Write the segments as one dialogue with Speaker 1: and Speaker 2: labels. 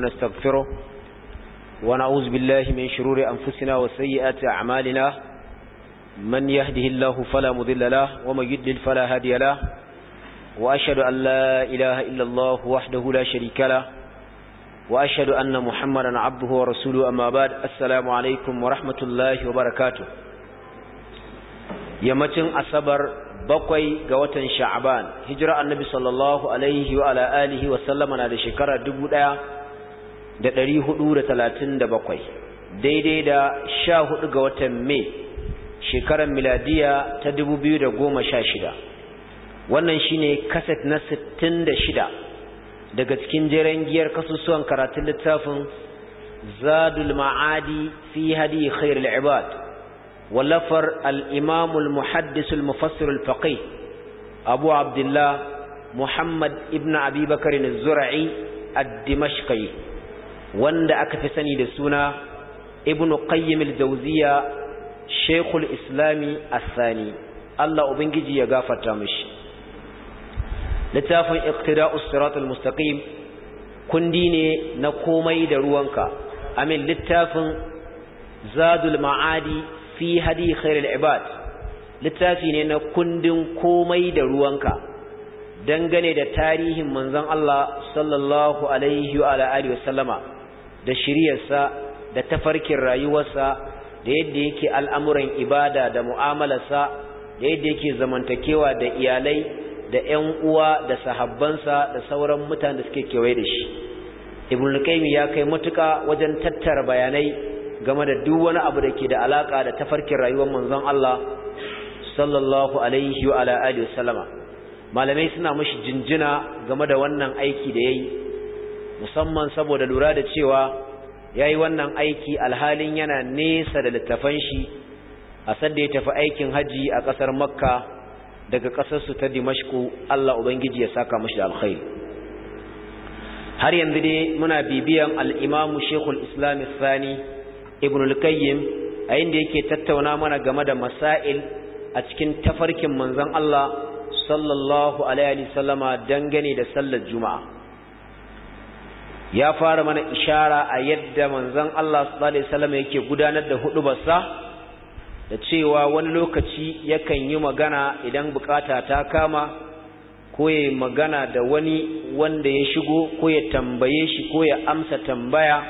Speaker 1: ونستغفره ونعوذ بالله من شرور أنفسنا وسيئات أعمالنا من يهده الله فلا مضل له ومن يدلل فلا هادي له وأشهد أن لا إله إلا الله وحده لا شريك له وأشهد أن محمدا عبده ورسوله أما بعد السلام عليكم ورحمة الله وبركاته يمتن أصبر bakwai ga watan sha'aban hijira annabi sallallahu alaihi wa ala alihi wa sallama na da shekara dubu ɗaya da ɗari hudu da talatin da bakwai daidai da sha hudu ga watan mai shekarar miladiya ta dubu biyu da goma sha shida wannan shine kaset na sittin da shida daga cikin jiran giyar kasusuwan karatun littafin zadul ma'adi fi hadi khairul ibad wallafar al-imam al-muhaddis abu abdullah muhammad ibn abi bakr az a ad wanda aka fi sani da suna ibnu qayyim al-jawziya shaykhul islami as-sani Allah ubangiji ya gafarta mishi littafin iqtida'us siratal mustaqim kundi ne na komai da ruwanka amin littafin zadul ma'adi fi hadi khairul ibad littafi ne na kundin komai da ruwanka dangane da tarihin manzon Allah sallallahu alaihi wa alihi da shiryarsa da tafarkin rayuwarsa da yadda yake al'amuran ibada da mu'amalarsa da yadda yake zamantakewa da iyalai da 'yan uwa da sahabbansa da sauran mutane da suke kewaye da shi ibn lukaimi ya kai matuka wajen tattara bayanai game da duk wani abu da ke da alaƙa da tafarkin rayuwar manzon Allah sallallahu alaihi wa alaihi wasallama malamai suna mashi jinjina game da wannan aiki da ya yi. musamman saboda lura da cewa ya yi wannan aiki alhalin yana nesa da littafan shi a sadda ya tafi aikin haji a ƙasar makka daga ƙasarsu ta dimashku Allah ubangiji ya saka mashi da alkhairi har yanzu dai muna bibiyan al-imamu shekul sani ibn al a da yake tattauna mana game da masail a cikin tafarkin manzon Allah sallallahu alaihi wasallama dangane da sallar juma'a ya fara mana ishara a yadda manzon Allah sallallahu alaihi wasallam yake gudanar da hudubarsa da cewa wani lokaci yakan yi magana idan bukata ta kama ko ya magana da wani wanda ya shigo ko ya tambaye shi ko ya amsa tambaya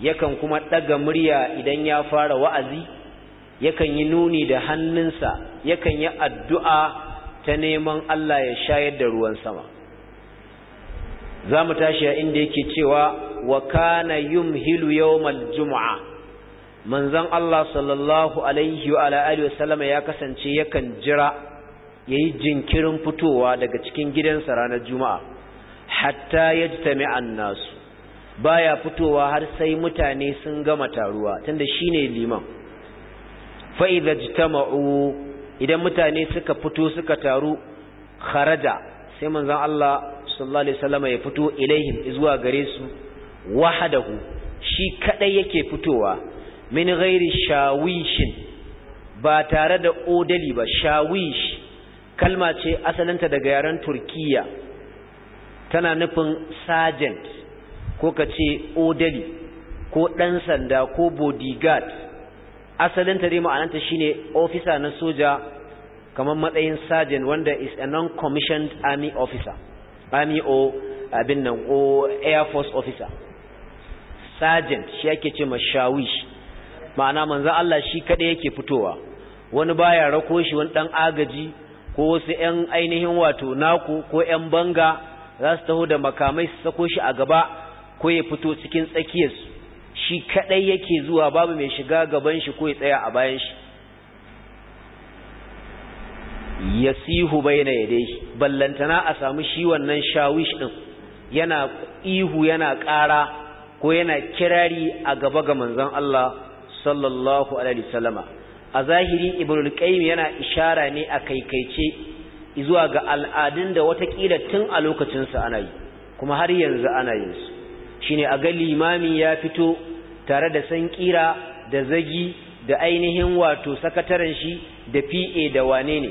Speaker 1: yakan kuma daga murya idan ya fara wa'azi yakan yi nuni da hannunsa yakan yi addu'a ta neman Allah ya shayar da ruwan sama za mu tashi a inda yake cewa wa kana hilu yawmal Juma'a, manzan Allah sallallahu alaihi wa alihi wasallama ya kasance yakan jira yayi jinkirin fitowa daga cikin gidansa ranar juma'a hatta yajtami'a an-nasu baya fitowa har sai mutane sun gama taruwa tunda shine liman fa idza ijtama'u idan mutane suka fito suka taru kharaja sai manzan Allah sallallahu alaihi wasallam ya fito ilaihim zuwa gare su wahadahu shi kadai yake fitowa min ghairi shawishin ba tare da odali ba shawish kalma ce asalinta daga yaren turkiya tana nufin sergeant ko ka ce odali ko dan sanda ko bodyguard asalinta dai ma'ananta shine officer na soja kamar matsayin sergeant wanda is a non-commissioned army officer army o abin nan ko air force officer sergeant shi ake ce ma ma'ana manzan Allah shi kaɗai yake fitowa wani baya rako shi wani ɗan agaji ko wasu ‘yan ainihin wato naku ko ‘yan banga za su taho da makamai su sako shi a gaba ko ya fito cikin tsakiyarsu shi kaɗai yake zuwa babu mai shiga gaban shi ko ya tsaya a bayan shi yasihu baina yadayhi ballantana a samu shi wannan shawish din yana ihu yana ƙara ko yana kirari a gaba ga manzon Allah sallallahu alaihi wasallama a zahiri ibnul qayyim yana ishara ne a kaikaice zuwa ga al'adun da watakila tun a lokacin sa ana yi kuma har yanzu ana yin su shine a ga limami ya fito tare da san sankira da zagi da ainihin wato sakataren shi da PA da wane ne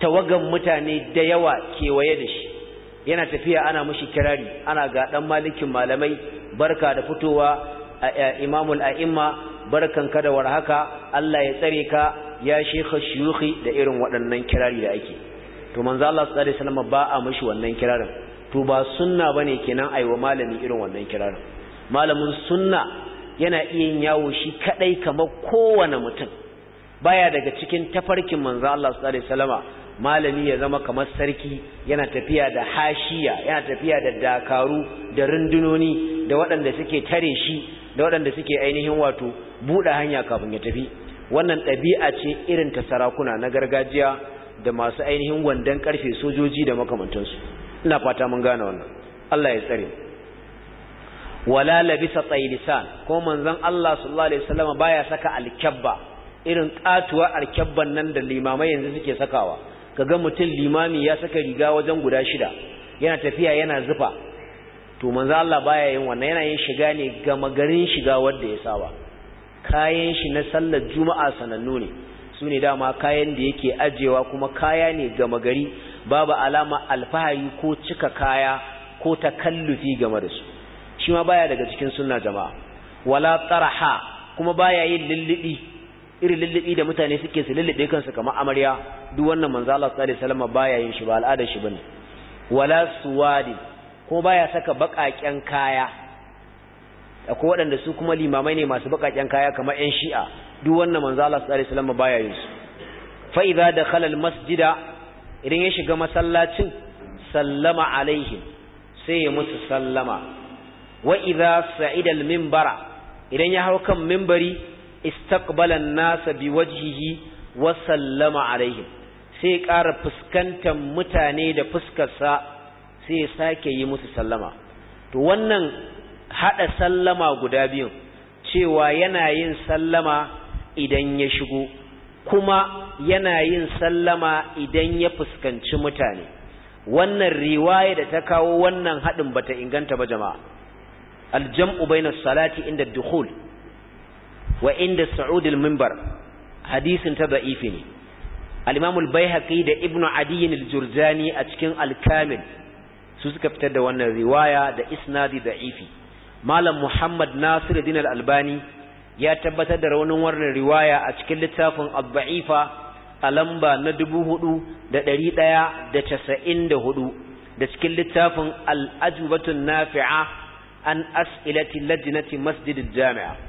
Speaker 1: tawagan mutane da yawa kewaye da shi yana tafiya ana mushi kirari ana ga dan malikin malamai barka da fitowa imamul a'imma barkan ka da warhaka Allah ya tsare ka ya shekha shuyukhi da irin waɗannan kirari da ake to manzo Allah sallallahu alaihi wasallam ba a mushi wannan kirarin to ba sunna bane kenan aiwa malami irin wannan kirarin malamin sunna yana iya yawo shi kadai kamar kowane mutum baya daga cikin tafarkin manzo Allah sallallahu alaihi wasallama malami ya zama kamar sarki yana tafiya da hashiya yana tafiya da dakaru da rundunoni da waɗanda suke tare shi da waɗanda suke ainihin wato buɗe hanya kafin ya tafi wannan ɗabi'a ce irin ta sarakuna na gargajiya da masu ainihin wandon ƙarfe sojoji da makamantansu ina fata mun gane wannan Allah ya tsare wala labisa tsailisan ko manzon Allah sallallahu alaihi wasallam baya saka alkabba irin katuwa alkabban nan da limamai yanzu suke sakawa ka ga mutum limami ya saka riga wajen guda shida yana tafiya yana zufa to manzo Allah baya yin wannan yana yin shiga ne ga magarin shiga wanda ya saba kayan shi na sallar juma'a sanannu ne su ne dama kayan da yake ajewa kuma kaya ne ga magari babu alama alfahari ko cika kaya ko takallufi game da su shi ma baya daga cikin sunna jama'a wala taraha kuma baya yin lullubi irin lullubi da mutane suke su lullube kansu kamar amarya duk wannan manzo Allah sallallahu alaihi wasallam baya yin shi ba al'ada shi bane wala suwadi ko baya saka bakaken kaya akwai waɗanda su kuma limamai ne masu bakaken kaya kamar ƴan shi'a duk wannan manzo Allah sallallahu alaihi wasallam baya yin su fa idza dakhala al masjida idan ya shiga masallacin sallama alaihi sai ya musu sallama wa idza sa'ida al minbara idan ya hau kan minbari Istakbalan nasa bi wajihi wa sallama alaihim sai ƙara fuskantar mutane da fuskarsa sai sake yi musu sallama to wannan hada sallama guda biyun cewa yana yin sallama idan ya shigo kuma yana yin sallama idan ya fuskanci mutane wannan riwaya da ta kawo wannan haɗin bata inganta ba jama'a aljam'u bainas salati inda dukhul wa inda sa'udul mimbar hadisin ta da'ifi ne al-imam da ibnu adiy al-jurjani a cikin al-kamil su suka fitar da wannan riwaya da isnadi da'ifi malam muhammad nasiruddin al-albani ya tabbatar da raunin wannan riwaya a cikin littafin ad-da'ifa a lamba na 4194 da cikin littafin al-ajubatun nafi'a an as'ilati lajnati masjidil jami'a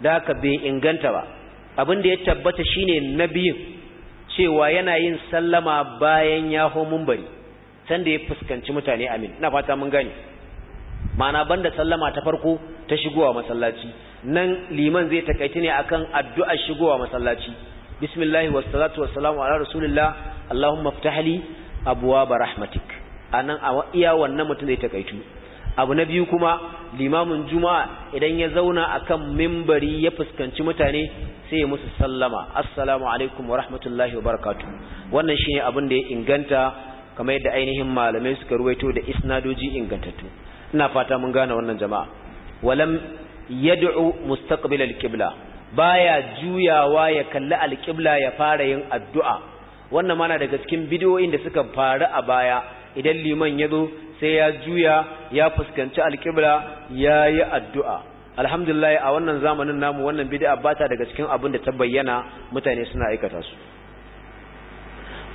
Speaker 1: da haka bai inganta ba abin da ya tabbata shine nabiyin cewa yana yin sallama bayan ya ho mumbari sanda ya fuskanci mutane amin ina fata mun gane ma'ana banda sallama ta farko ta shigowa masallaci nan liman zai takaiti ne akan addu'ar shigowa masallaci bismillahi wa salamu ala rasulillah allahumma ftahli li abwaaba rahmatik anan a iya wannan mutum zai takaitu abu na biyu kuma limamin juma'a idan ya zauna akan mimbari ya fuskanci mutane sai ya musu sallama assalamu alaikum wa rahmatullahi wa barakatuh wannan shine abin da ya inganta kamar yadda ainihin malamai suka ruwaito da isnadoji ingantattu ina fata mun gane wannan jama'a walam yad'u mustaqbil al-qibla baya juyawa ya kalli al-qibla ya fara yin addu'a wannan mana daga cikin bidiyoin da suka faru a baya idan liman ya zo sai ya juya ya fuskanci alƙibla ya yi addu'a alhamdulillah a wannan zamanin namu wannan bidiyar ba ta daga cikin abin da ta bayyana mutane suna aikata su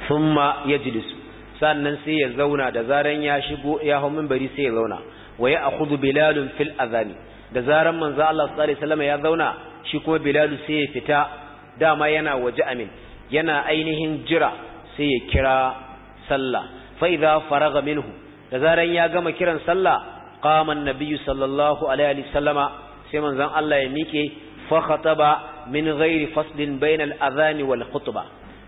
Speaker 1: thumma jirisu sannan sai ya zauna da zaren ya shigo ya hau bari sai ya zauna wa ya kudu bilalun fil azani da zaren manzo Allah su ya zauna shi kuma bilalu sai ya fita dama yana waje amin yana ainihin jira sai ya kira sallah fa faraga minhu da zaran ya gama kiran sallah qama nabiyyu sallallahu alaihi sai manzon Allah ya miƙe fa khataba min ghairi faslin bainal adhani wal khutba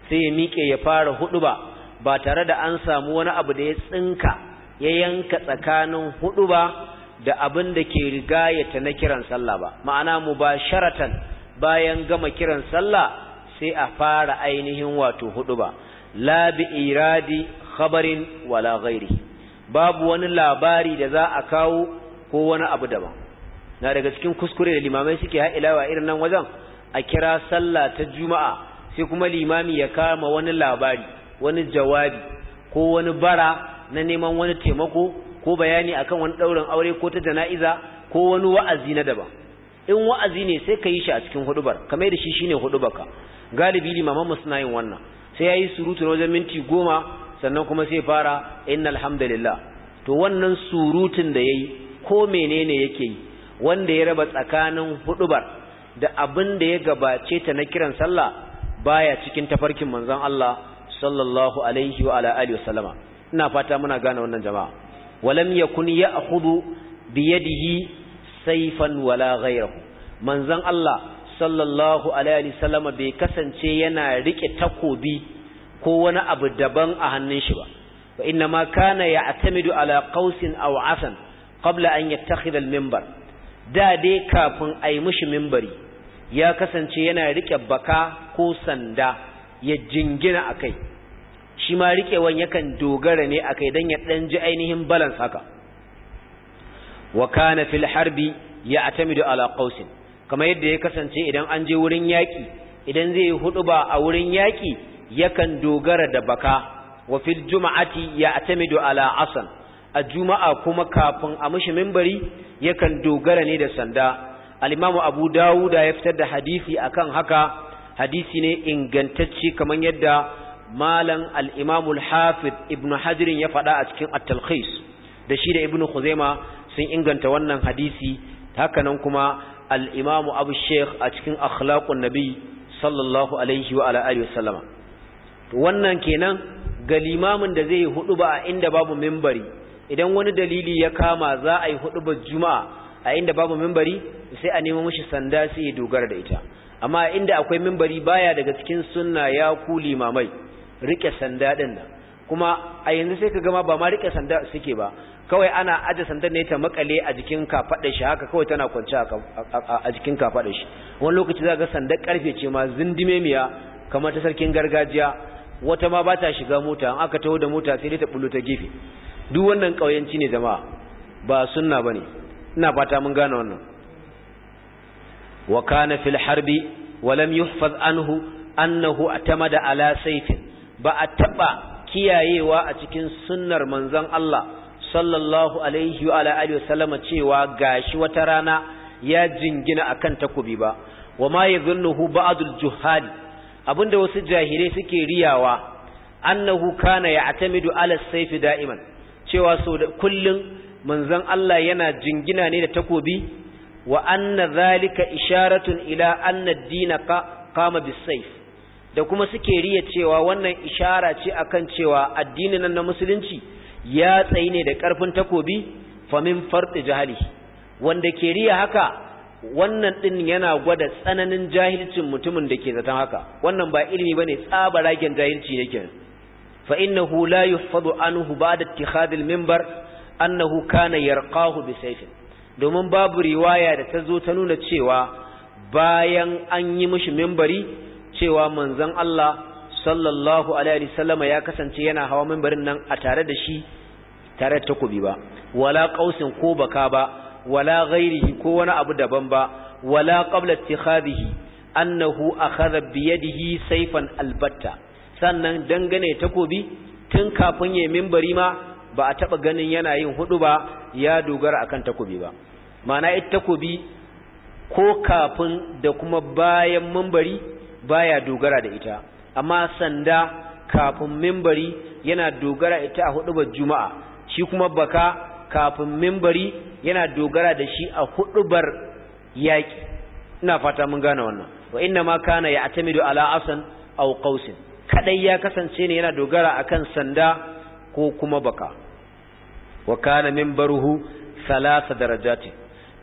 Speaker 1: sai ya miƙe ya fara huduba ba tare da an samu wani abu da ya tsinka ya yanka tsakanin huduba da abin da ke rigayata na kiran sallah ba ma'ana mubasharatan bayan gama kiran sallah sai a fara ainihin wato huduba la bi iradi khabarin wala ghairihi babu wani labari da za a kawo ko wani abu daban na daga cikin kuskure da limamai suke ha'ilawa irin nan wajen a kira sallah ta juma'a sai kuma limami ya kama wani labari wani jawabi ko wani bara na neman wani taimako ko bayani akan wani ɗaurin aure ko ta jana'iza ko wani wa'azi na daban in wa'azi ne sai ka yi shi a cikin hudubar kamar da shi shine hudubarka galibi limaman mu suna yin wannan sai yayi surutu na wajen minti goma sannan kuma sai fara innal alhamdulillah, to wannan surutun da yayi ko menene yake yi wanda ya raba tsakanin hudubar da abin da ya gabace ta na kiran sallah baya cikin tafarkin manzon Allah sallallahu alaihi wa ala alihi wasallama ina fata muna gane wannan jama'a walam yakun ya'khudhu bi yadihi sayfan wala ghayrahu manzon Allah sallallahu alaihi wasallama bai kasance yana rike takobi ko wani abu daban a hannun shi ba wa inna ma kana ya'tamidu ala qausin aw asan qabla an yattakhidha al-minbar da dai kafin ai mushi minbari ya kasance yana rike baka ko sanda ya jingina akai shi ma rikewan yakan dogara ne akai dan ya dan ji ainihin balance haka wa kana fil harbi ya'tamidu ala qausin kamar yadda ya kasance idan an je wurin yaki idan zai hudu ba a wurin yaki yakan dogara da baka wa fil juma'ati ya atamidu ala asan a juma'a kuma kafin a mishi mimbari yakan dogara ne da sanda al-imamu abu dawuda ya fitar da hadisi akan haka hadisi ne ingantacce kamar yadda malam al-imamu al-hafiz ibnu hajar ya faɗa a cikin at-talkhis da shi da ibnu khuzaima sun inganta wannan hadisi hakanan kuma al-imamu abu sheikh a cikin akhlaqun nabi sallallahu alaihi wa ala alihi sallama. to wannan kenan ga limamin da zai hudu ba a inda babu mimbari idan wani dalili ya kama za a yi hudu ba juma'a a inda babu mimbari sai a nemo mishi sanda sai ya dogara da ita amma inda akwai mimbari baya daga cikin sunna ya ku limamai rike sanda din nan kuma a yanzu sai ka gama ba ma rike sanda suke ba kawai ana aje sandar ne ta makale a jikin kafadar shi haka kawai tana kwance a jikin kafadar shi wani lokaci za ga sandar karfe ce ma zindime miya kamar ta sarkin gargajiya wata ma ba ta shiga mota an aka taho da mota sai dai ta bullo ta gefe duk wannan kauyanci ne jama'a ba sunna bane ina fata mun gane wannan wa kana fil harbi wa lam yuhfaz anhu annahu atamada ala sayfin ba a taba kiyayewa a cikin sunnar manzon Allah sallallahu alaihi wa ala alihi wasallama cewa gashi wata rana ya jingina akan takubi ba wa ma yadhunnuhu ba'dul juhali da wasu jahilai suke riyawa annahu kana ya'tamidu ala sayfi da'iman cewa so da kullun manzon Allah yana jingina ne da takobi wa anna zalika isharatun ila anna ad-din qama bis-sayf da kuma suke riya cewa wannan ishara ce akan cewa addinin na musulunci ya tsayi ne da karfin takobi famin farti jahali wanda ke riya haka wannan din yana gwada tsananin jahilcin mutumin da ke zaton haka wannan ba ilimi bane tsabaragen jahilci ne kenan fa innahu la yuhfadu anhu ba'da ittikhad al-minbar annahu kana yarqahu bi sayfin domin babu riwaya da ta zo ta nuna cewa bayan an yi mishi minbari cewa manzon Allah sallallahu alaihi wasallama ya kasance yana hawa minbarin nan a tare da shi tare da takobi ba wala qausin ko baka ba wala ghairihi ko wani abu daban ba wala qabla ittikhadihi annahu akhadha bi yadihi sayfan albatta sannan dangane takobi tun kafin yayin minbari ma ba a taba ganin yana yin hudu ba ya dogara akan takobi ba Mana ita takobi ko kafin da kuma bayan minbari baya dogara da ita amma sanda kafin minbari yana dogara ita a hudu ba juma'a shi kuma baka kafin mimbari yana dogara da shi a hudubar yaƙi ina fata mun gane wannan wa inna ma kana ya atamidu ala asan aw qausin kadai ya kasance ne yana dogara akan sanda ko kuma baka wa kana mimbaruhu thalatha darajati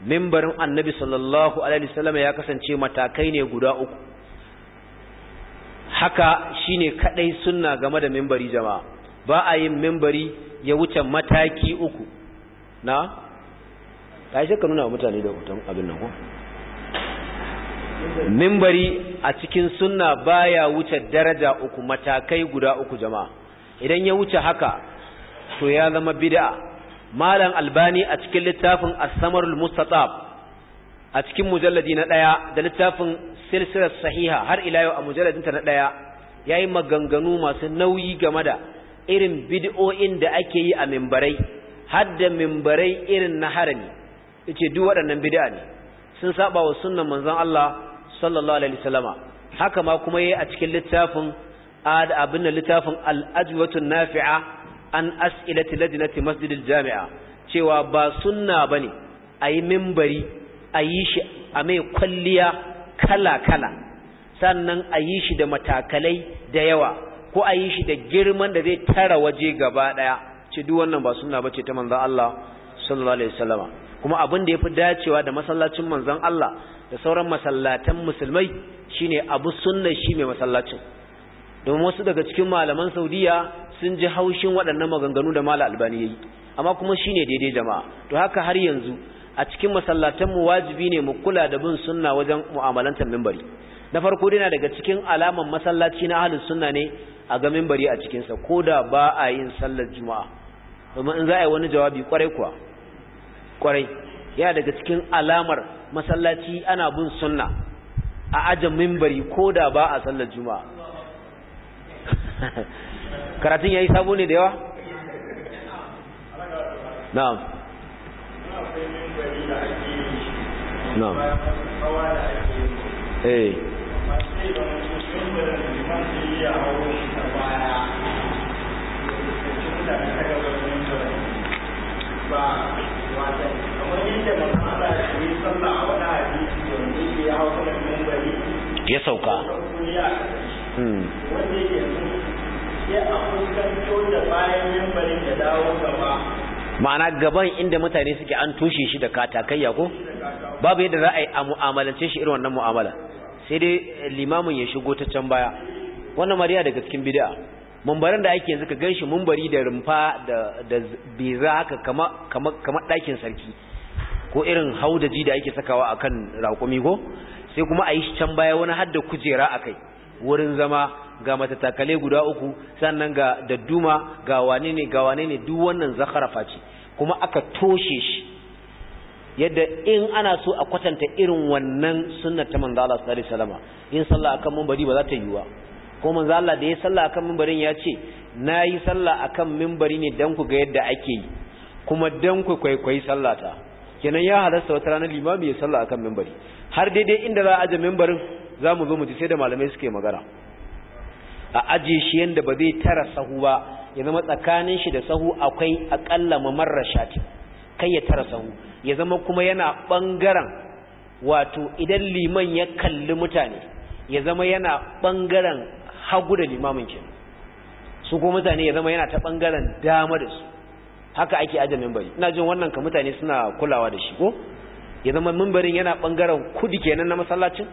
Speaker 1: mimbarin annabi sallallahu alaihi wasallam ya kasance matakai ne guda uku haka shine kadai sunna game da mimbari jama'a ba a yin mimbari ya wuce mataki uku na ta yi shakka nuna wa mutane da hoton abin nan ko mimbari a cikin sunna baya wuce daraja uku matakai guda uku jama'a idan ya wuce haka to ya zama bid'a malam albani a cikin littafin as-samarul mustatab a cikin mujalladi na daya da littafin silsilar sahiha har ila yau a mujalladin ta na daya yayi maganganu masu nauyi game da irin bid'o'in da ake yi a mimbarai hadda mimbarai irin na harami yace duk waɗannan bid'a ne sun saba wa sunnan manzon Allah sallallahu alaihi wasallama haka ma kuma yayi a cikin littafin abin da littafin al-ajwatun nafi'a an as'ilati ladinati masjidil jami'a cewa ba sunna bane ayi mimbari ayi shi a mai kwalliya kala kala sannan ayi shi da matakalai da yawa ko ayi shi da girman da zai tara waje gaba daya ce duk wannan ba sunna bace ta manzon Allah sallallahu alaihi wasallama kuma abin da yafi dacewa da masallacin manzon Allah da sauran masallatan musulmai shine abu sunna shi mai masallacin domin wasu daga cikin malaman Saudiya sun ji haushin waɗannan maganganu da mala albani yayi amma kuma shine daidai jama'a to haka har yanzu a cikin masallatan mu wajibi ne mu kula da bin sunna wajen mu'amalantar minbari na farko dai daga cikin alaman masallaci na ahlus sunna ne a ga mimbari a cikinsa ko da ba a yin sallar juma'a domin in za a yi wani jawabi kwarai kuwa kwarai ya daga cikin alamar masallaci ana bin sunna a ajin mimbari ko da ba a sallar juma'a karatun ya yi sabo ne da yawa?
Speaker 2: na'am na'am eh
Speaker 1: ya sauka ma'ana gaban inda mutane suke an tushe shi da katakayya ko babu yadda za a yi a mu'amalance shi irin wannan mu'amala sai dai limamin ya shigo ta can baya wannan mariya daga cikin bid'a mumbarin da ake yanzu ka ganshi mumbari da rumfa da da beza haka kama ɗakin sarki ko irin haudaji da ake sakawa akan raƙumi ko sai kuma a yi shi can baya wani har da kujera a kai wurin zama ga matattakale guda uku sannan ga dadduma ga wane ne ga wane ne duk wannan zakarafa ce kuma aka toshe shi yadda in ana so a kwatanta irin wannan sunnar ta manzo Allah sallallahu alaihi wasallam in sallah akan mumbari ba za ta yiwu ba ko manzo Allah da ya sallah akan mimbarin ya ce na yi sallah akan mimbari ne dan ku ga yadda ake yi kuma dan ku kwaikwayi sallata kenan ya halarta wata ranar limami ya sallah akan mimbari har daidai inda za a aje mimbarin za mu zo mu ji sai da malamai suke magana a aje shi yanda ba zai tara sahu ba ya zama tsakanin shi da sahu akwai akalla mamarra shati kai ya tara sahu ya zama kuma yana bangaren wato idan liman ya kalli mutane ya zama yana bangaren hagu da limamin ke su ko mutane ya zama yana ta bangaren dama da su haka ake aje mimbari ina jin wannan ka mutane suna kulawa da shi ko ya zama mimbarin yana bangaren kudi kenan na masallacin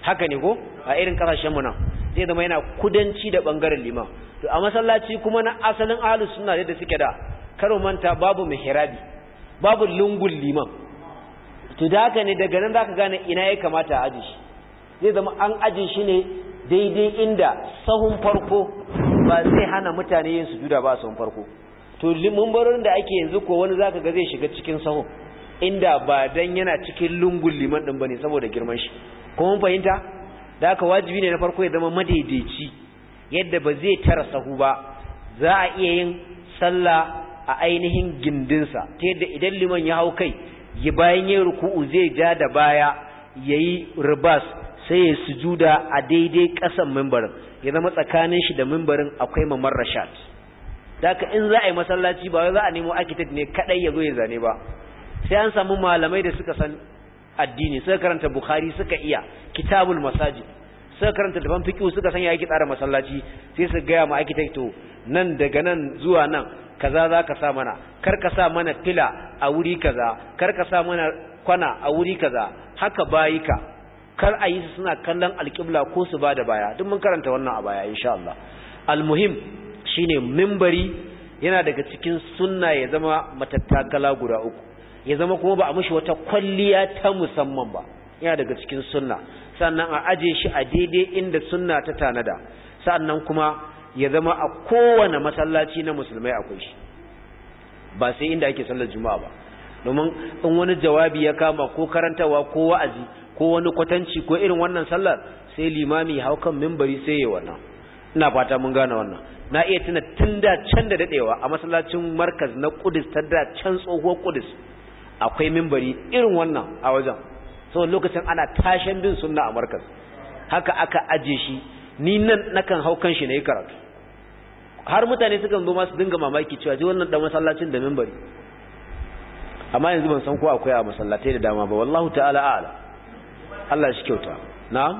Speaker 1: haka ne ko a irin kasashen mu nan zai zama yana kudanci da bangaren liman to a masallaci kuma na asalin ahlus sunna da suke da karo manta babu mihrabi babu lungul liman to da haka ne daga nan zaka gane ina ya kamata a aje shi zai zama an aje shi ne daidai inda sahun farko ba zai hana mutane yin sujuda ba sahun farko to mumbarorin da ake yanzu ko wani zaka ga zai shiga cikin sahun inda ba dan yana cikin lungun liman din bane saboda girman shi ko mun fahimta da haka wajibi ne na farko ya zama madaidaici yadda ba zai tara sahu ba za a iya yin sallah a ainihin gindinsa ta yadda idan liman ya hau kai ya bayan yin ruku'u zai ja da baya yayi ribas sai ya sujuda a daidai kasan mimbarin ya zama tsakanin shi da mimbarin akwai mamar rashad daga in za a yi masallaci ba wai za a nemo architect ne kadai ya zo ya zane ba sai an samu malamai da suka san addini suka karanta bukhari suka iya kitabul masajid suka karanta dafan fiqh suka san ya yake tsara masallaci sai su ga ma architect to nan daga nan zuwa nan kaza za ka sa mana kar ka sa mana fila a wuri kaza kar ka sa mana kwana a wuri kaza haka bayika kar a yi su suna kallon alƙibla ko su ba da baya duk mun karanta wannan a baya insha Allah almuhim shine mimbari yana daga cikin sunna ya zama matattakala guda uku ya zama kuma ba a mishi wata kwalliya ta musamman ba yana daga cikin sunna sannan a aje shi a daidai inda sunna ta tanada sannan kuma ya zama a kowane masallaci na musulmai akwai shi ba sai inda ake sallar juma'a ba domin in wani jawabi ya kama ko karantawa ko wa'azi ko wani kwatanci ko irin wannan sallar sai limami hau kan mimbari sai ya wannan ina fata mun gane wannan na iya tuna tun da can da dadewa a masallacin markaz na kudus ta da can tsohuwar kudus akwai mimbari irin wannan a wajen sau lokacin ana tashen bin sunna a markaz haka aka aje shi ni nan nakan hau kan shi na yi karatu har mutane sukan zo masu dinga mamaki cewa ji wannan dan masallacin da mimbari amma yanzu ban san ko akwai a masallatai da dama ba wallahu ta'ala a'lam Allah shi kyauta na'am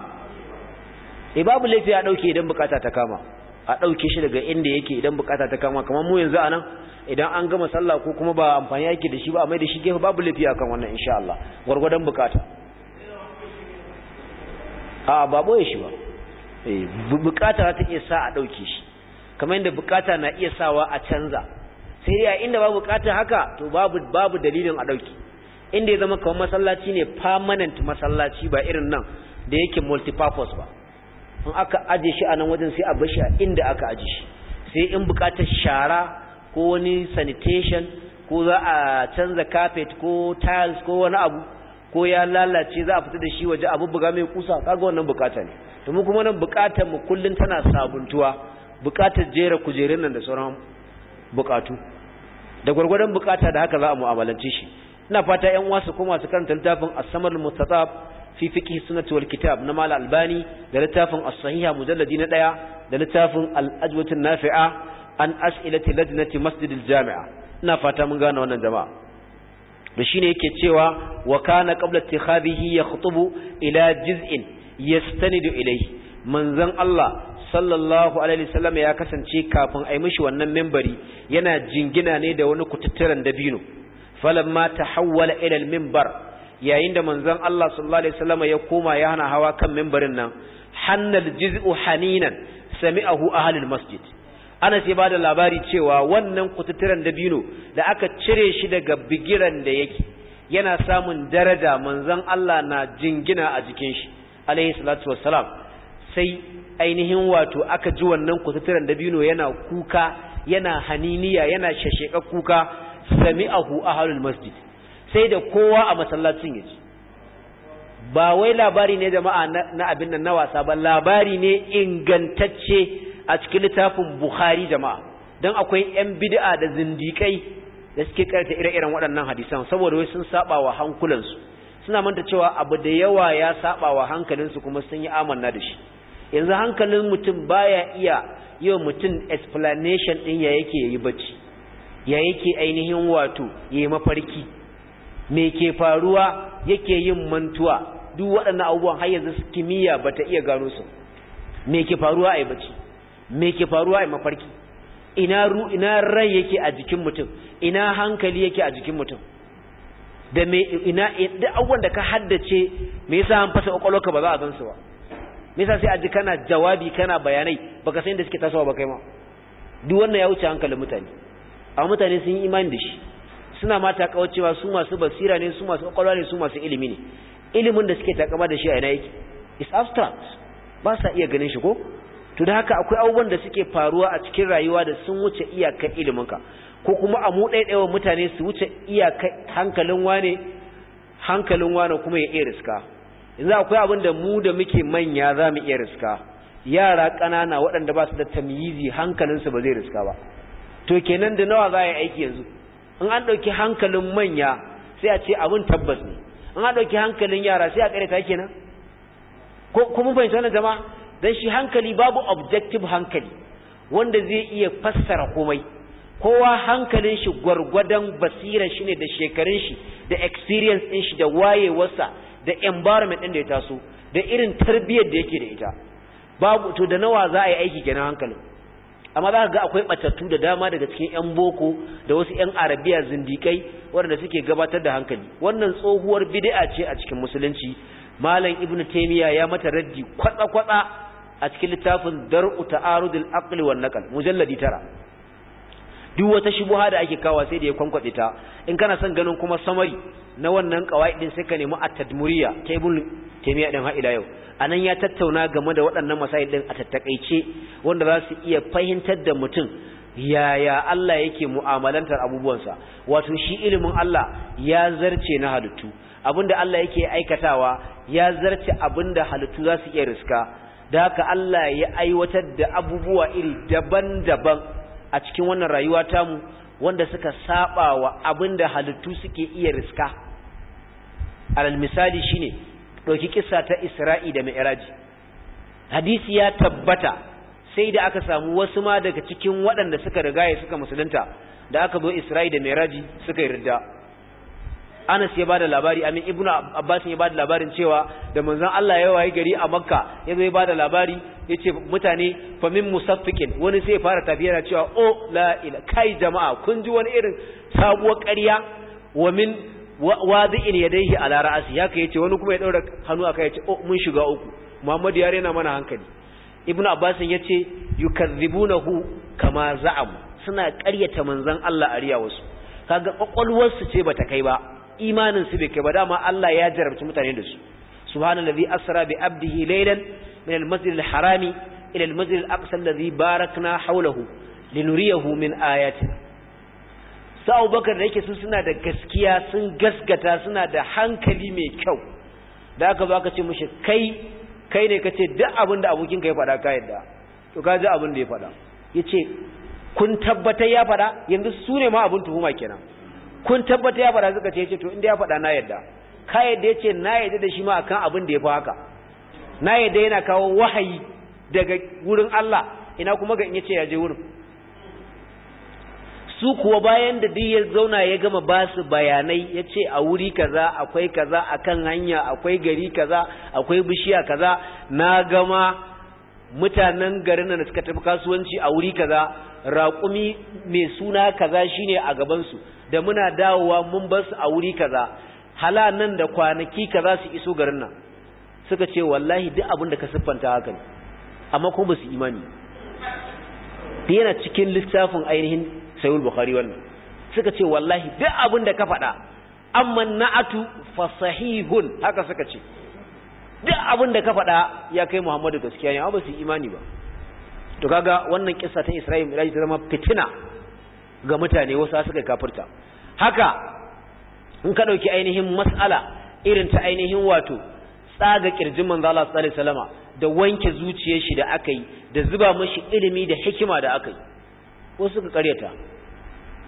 Speaker 1: eh babu laifi a dauke idan bukata ta kama a dauke shi daga inda yake idan bukata ta kama kamar mu yanzu anan idan an gama sallah ko kuma ba amfani yake da shi ba mai da shi gefe babu laifi akan wannan insha Allah gurgurdan bukata a ba boye shi ba eh bukata ta iya sa a dauke shi kamar yadda bukata na iya sawa a canza sai dai a inda babu bukata haka to babu babu dalilin a dauke inda ya zama kamar masallaci ne permanent masallaci ba irin nan da yake multi-purpose ba in aka aje shi a nan wajen sai a bashi a inda aka aje shi sai in bukatar shara ko wani sanitation ko za a canza carpet ko tiles ko wani abu ko ya lalace za a fita da shi waje abu buga mai kusa kaga wannan bukata ne to mu kuma nan bukatar mu kullun tana sabuntuwa bukatar jera kujerin nan da sauran bukatu da gwargwadon bukata da haka za a mu'amalance shi ina fata ƴan wasu kuma su karanta littafin as-samar al-mustatab fi fiqh sunnati wal kitab na mal albani da littafin as-sahiha mujalladi na daya da littafin al-ajwatu nafi'a an as'ilati lajnati masjid al-jami'a ina fata mun gane wannan jama'a da shine yake cewa wa kana qabla ittikhadihi yakhutubu ila juz'in yastanidu ilayhi manzon Allah sallallahu alaihi wasallam ya kasance kafin ai mishi wannan membari yana jingina ne da wani kututturen dabino falamma tahawwala ila al-minbar yayin da manzon Allah sallallahu alaihi wasallam ya koma ya hana hawa kan minbarin nan hannal jiz'u haninan sami'ahu ahlul masjid Anas ya bada labari cewa wannan kututturen dabino da aka cire shi daga bigiran da yake yana samun daraja manzon Allah na jingina a jikin shi alaihi salatu wassalam sai ainihin wato aka ji wannan kututturen dabino yana kuka yana haniniya yana shashekar kuka sami'ahu ahlul masjid sai da kowa a masallacin yaji ba wai labari ne jama'a na abin nan na wasa ba labari ne ingantacce a cikin littafin Bukhari jama'a dan akwai yan bid'a da zindikai da suke karanta ire-iren waɗannan hadisan saboda wai sun saba wa hankulansu suna manta cewa abu da yawa ya saba wa hankalinsu kuma sun yi amanna da shi yanzu hankalin mutum baya iya yau mutum explanation din ya yake yi bacci ya yake ainihin wato ya yi mafarki me ke faruwa yake yin mantuwa duk waɗannan abubuwan har yanzu kimiyya ba ta iya gano su me ke faruwa a bacci me ke faruwa a mafarki ina ru ina rai yake a jikin mutum ina hankali yake a jikin mutum da me ina duk abubuwan da ka haddace me yasa an fasa kwakwalwarka ba za a gansu ba me yasa sai a ji kana jawabi kana bayanai baka san inda suke tasowa ba kai ma duk wannan ya wuce hankalin mutane a mutane sun yi imani da shi suna ma takawa cewa su masu basira ne su masu kwakwalwa ne su masu ilimi ne ilimin da suke takama da shi a yana yake is abstract ba sa iya ganin shi ko to da haka akwai abubuwan da suke faruwa a cikin rayuwa da sun wuce iyakar iliminka ko kuma a mu ɗaiɗaiwa mutane su wuce iyakar hankalin wane hankalin wane kuma ya iya riska yanzu akwai abin da mu da muke manya za mu iya riska yara ƙanana waɗanda ba su da tamyizi hankalinsu ba zai riska ba to kenan da nawa za a yi aiki yanzu in an ɗauki hankalin manya sai a ce abin tabbas ne in an ɗauki hankalin yara sai a ƙareta kenan ko kuma fahimci wannan jama'a dan shi hankali babu objective hankali wanda zai iya fassara komai kowa hankalin shi gwargwadon basirar shine da shekarun shi da experience ɗin shi da wayewarsa da environment ɗin da ya taso da irin tarbiyyar da yake da ita babu to da nawa za a yi aiki kenan hankalin amma za ka ga akwai batattu da dama daga cikin yan boko da wasu yan arabiya zindikai waɗanda suke gabatar da hankali wannan tsohuwar bid'a ce a cikin musulunci malam ibnu taymiya ya mata raddi kwatsa kwatsa a cikin littafin dar'u ta'arudul aqli wan naqal mujalladi tara duk wata shubuha da ake kawa sai da ya kwankwatse ta in kana son ganin kuma samari na wannan din sai ka nemi at-tadmuriya ta ibn taymiya dan ila yau anan ya tattauna game da waɗannan masail din a tattakaice wanda za su iya fahimtar da mutum yaya Allah yake mu'amalantar abubuwansa wato shi ilimin Allah ya zarce na halittu abinda Allah yake aikatawa ya zarce abinda halittu za su iya riska da haka Allah ya aiwatar da abubuwa iri daban-daban a cikin wannan rayuwa mu wanda suka saba wa abin da halittu suke iya riska alal misali shine ɗauki kissa ta Isra'i da Mi'raji hadisi ya tabbata sai da aka samu wasu ma daga cikin waɗanda suka rigaya suka musulunta da aka zo Isra'i da Mi'raji suka yi yarda Anas ya bada labari amin Ibnu Abbas ya bada labarin cewa da manzon Allah ya waye gari a Makka ya zo ya bada labari yace mutane fa min musaffiqin wani sai fara tafiya yana cewa Oh la ila kai jama'a kun ji wani irin sabuwar ƙarya wa min wadi'in yadayhi ala ra'si yake yace wani kuma ya daura hannu aka yace Oh mun shiga uku Muhammad ya rena mana hankali Ibnu Abbas yace yukazzibunahu kama za'am suna ƙaryata manzon Allah a wasu kaga kwakwalwarsu ce bata kai ba imanin su bai kai ba dama Allah ya jarabci mutane da su subhanallazi asra bi abdihi laylan min al-masjid al-harami ila al-masjid al-aqsa alladhi barakna hawlahu linuriyahu min ayatina sa Abubakar da yake su suna da gaskiya sun gaskata suna da hankali mai kyau da aka baka ce mushi kai kai ne kace duk abin da abokin ka ya faɗa ka yadda to ka ji abin da ya faɗa yace kun tabbatar ya faɗa yanzu sune ma abin tuhuma kenan kun tabbata ya fara suka ce ce to inda ya faɗa na yadda ka yadda ce na yadda da shi ma akan abin da ya fi haka na yadda yana kawo wahayi daga wurin Allah ina kuma ga in yace ya je wurin su kuwa bayan da duk ya zauna ya gama ba su bayanai ya ce a wuri kaza akwai kaza akan hanya akwai gari kaza akwai bishiya kaza na gama mutanen garin da suka tafi kasuwanci a wuri kaza raƙumi mai suna kaza shine a gabansu da muna dawowa mun bar su a wuri kaza hala nan da kwanaki kaza su iso garin nan suka ce wallahi duk abin da ka siffanta haka ne amma kuma su imani yana cikin littafin ainihin sayul bukhari wannan suka ce wallahi duk abin da ka faɗa amma na'atu fa sahihun haka suka ce duk abin da ka faɗa ya kai muhammadu gaskiya ne amma ba su imani ba to kaga wannan kissa ta isra'il ta zama fitina ga mutane wasu suka kafirta haka in ka ɗauki ainihin matsala irin ta ainihin wato tsaga kirjin manzo Allah sallallahu alaihi wasallam da wanke zuciyar shi da aka yi da zuba mashi ilimi da hikima da akai yi wasu suka karyata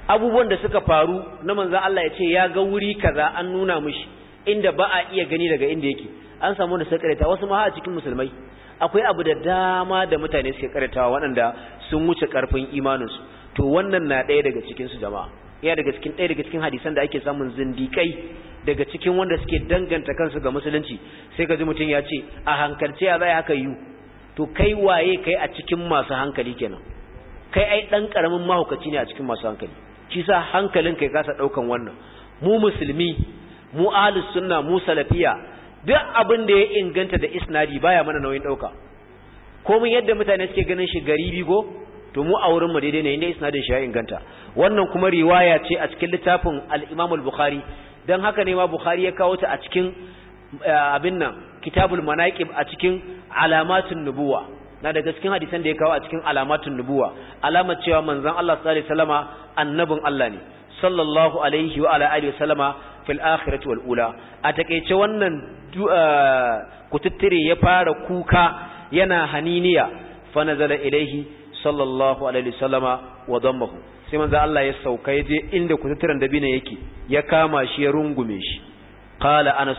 Speaker 1: abubuwan da suka faru na manzo Allah ya ce ya ga wuri kaza an nuna mishi inda ba a iya gani daga inda yake an samu da suka karyata wasu ma a cikin musulmai akwai abu da dama da mutane suke karyatawa waɗanda sun wuce karfin imaninsu to wannan na ɗaya daga cikin su jama'a ya daga cikin ɗaya daga cikin hadisan da ake samun zindikai daga cikin wanda suke danganta kansu ga musulunci sai ka mutum ya ce a hankalce ya zai haka yi to kai waye kai a cikin masu hankali kenan kai ai dan karamin mahaukaci ne a cikin masu hankali shi sa hankalin kai kasa daukan wannan mu musulmi mu ahlus sunna mu salafiya duk abin da ya inganta da isnadi baya mana nauyin dauka komai yadda mutane suke ganin shi gari garibi ko to mu a wurin mu daidai ne inda isnadin shi ya inganta wannan kuma riwaya ce a cikin littafin al-Imam al-Bukhari dan haka ne ma Bukhari ya kawo ta a cikin eh, abin nan kitabul manaqib a cikin alamatun nubuwa na daga cikin hadisan da ya kawo a cikin alamatun nubuwa alamar cewa manzon Allah sallallahu alaihi wasallama annabin Allah ne sallallahu alaihi wa ala alihi wasallama fil akhirati wal ula a takeice wannan eh, kututtire ya fara kuka yana haniniya fa nazala ilaihi sallallahu alaihi wasallama wa dammahu sai manzo Allah ya sauka ya je inda kututturan dabino yake ya kama shi ya rungume shi qala anas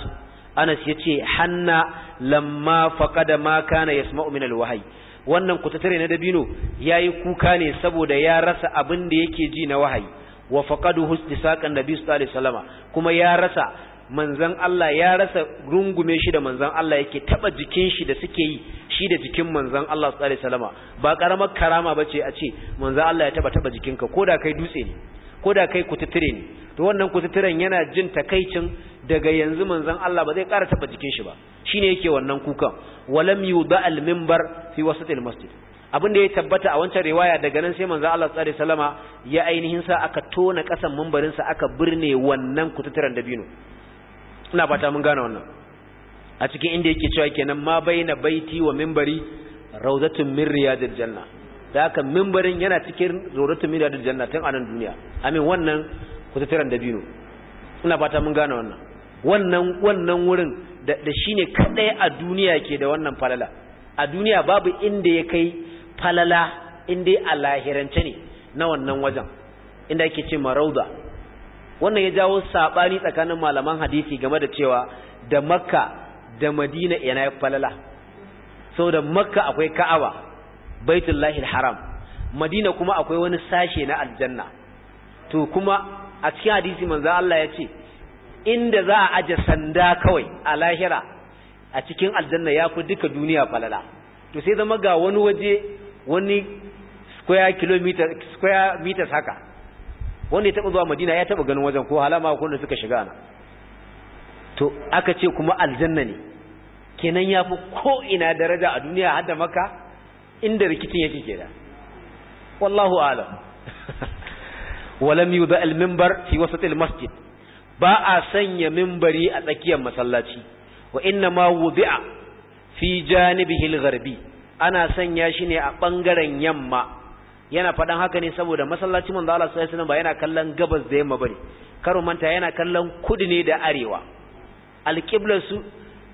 Speaker 1: anas yace hanna lamma faqada ma kana yasma'u min alwahyi wannan kututture na dabino yayi kuka ne saboda ya rasa abin da yake ji na wahayi wa faqaduhu istisaqan nabi sallallahu alaihi wasallama kuma ya rasa manzan Allah ya rasa rungume shi da manzan Allah yake taba jikin shi da suke yi shi da jikin manzan Allah sallallahu alaihi wasallam ba karamar karama bace a ce manzan Allah ya taba taba jikinka koda kai dutse ne koda kai kututture ne to wannan kututturen yana jin takaicin daga yanzu manzan Allah ba zai kara taba jikin shi ba shine yake wannan kukan walam yuda al minbar fi wasatil masjid abin da ya tabbata a wancan riwaya daga nan sai manzo Allah sallallahu alaihi ya ainihin sa aka tona kasan mimbarin sa aka birne wannan da dabino ina fata mun gane wannan a cikin inda yake cewa kenan ma baina baiti wa minbari rawzatun min riyadil janna da haka minbarin yana cikin rawzatun min riyadil janna tun anan duniya amin wannan da dabino ina fata mun gane wannan wannan wannan wurin da shine kadai a duniya ke da wannan falala a duniya babu inda ya kai falala inda a lahirance ne na wannan wajen inda ake ce marauda wannan ya jawo saɓani tsakanin malaman hadisi game da cewa da makka da madina yana ya falala da makka akwai ka'aba baitullahi haram madina kuma akwai wani sashe na aljanna to kuma a cikin hadisi manzan Allah ya ce inda za a aje sanda kawai a lahira a cikin aljanna ya fi duka duniya falala to sai zama ga wani waje wani square meters haka wanda ya taba zuwa madina ya taba ganin wajen ko halama ko wanda suka shiga na to aka ce kuma aljanna ne kenan ya fi ko ina daraja a duniya har da maka inda rikicin yake kenan wallahu alam walam yuda al minbar fi wasat al masjid ba a sanya minbari a tsakiyar masallaci wa inna ma wudi'a fi janibihi al gharbi ana sanya shi ne a bangaren yamma yana faɗan haka ne saboda masallacin manzo Allah sallallahu alaihi wasallam ba yana kallon gabas da yamma bane karo manta yana kallon kudu ne da arewa alqiblar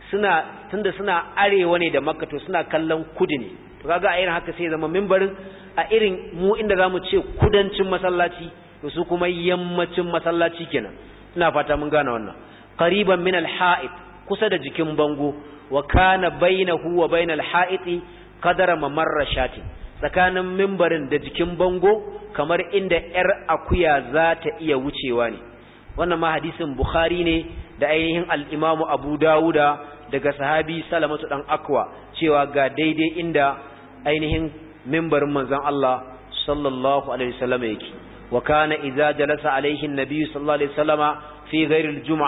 Speaker 1: suna tunda suna arewa ne da makka to suna kallon kudu ne to kaga a irin haka sai zama mimbarin a irin mu inda zamu ce kudancin masallaci to su kuma yammacin masallaci kenan ina fata mun gane wannan qariban min alha'it kusa da jikin bango wa kana bainahu wa bainal ha'iti qadara mamarrashati tsakanin mimbarin da jikin bango kamar inda ‘yar akuya za ta iya wucewa ne wannan ma hadisin bukhari ne da ainihin al'imamu abu dawuda daga sahabi salamatu ɗan akwa cewa ga daidai inda ainihin mimbarin manzan Allah sallallahu alaihi wasallam yake wa kana idza jalasa alaihi nabi sallallahu alaihi wasallama fi ghairi al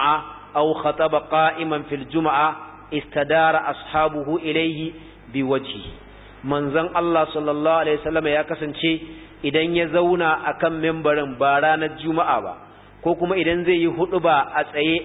Speaker 1: aw khataba qa'iman fil jum'a istadara ashabuhu ilayhi biwajhihi manzon Allah sallallahu alaihi wasallam ya kasance idan ya zauna akan membarin ba ranar juma'a ba ko kuma idan zai yi huɗuba a tsaye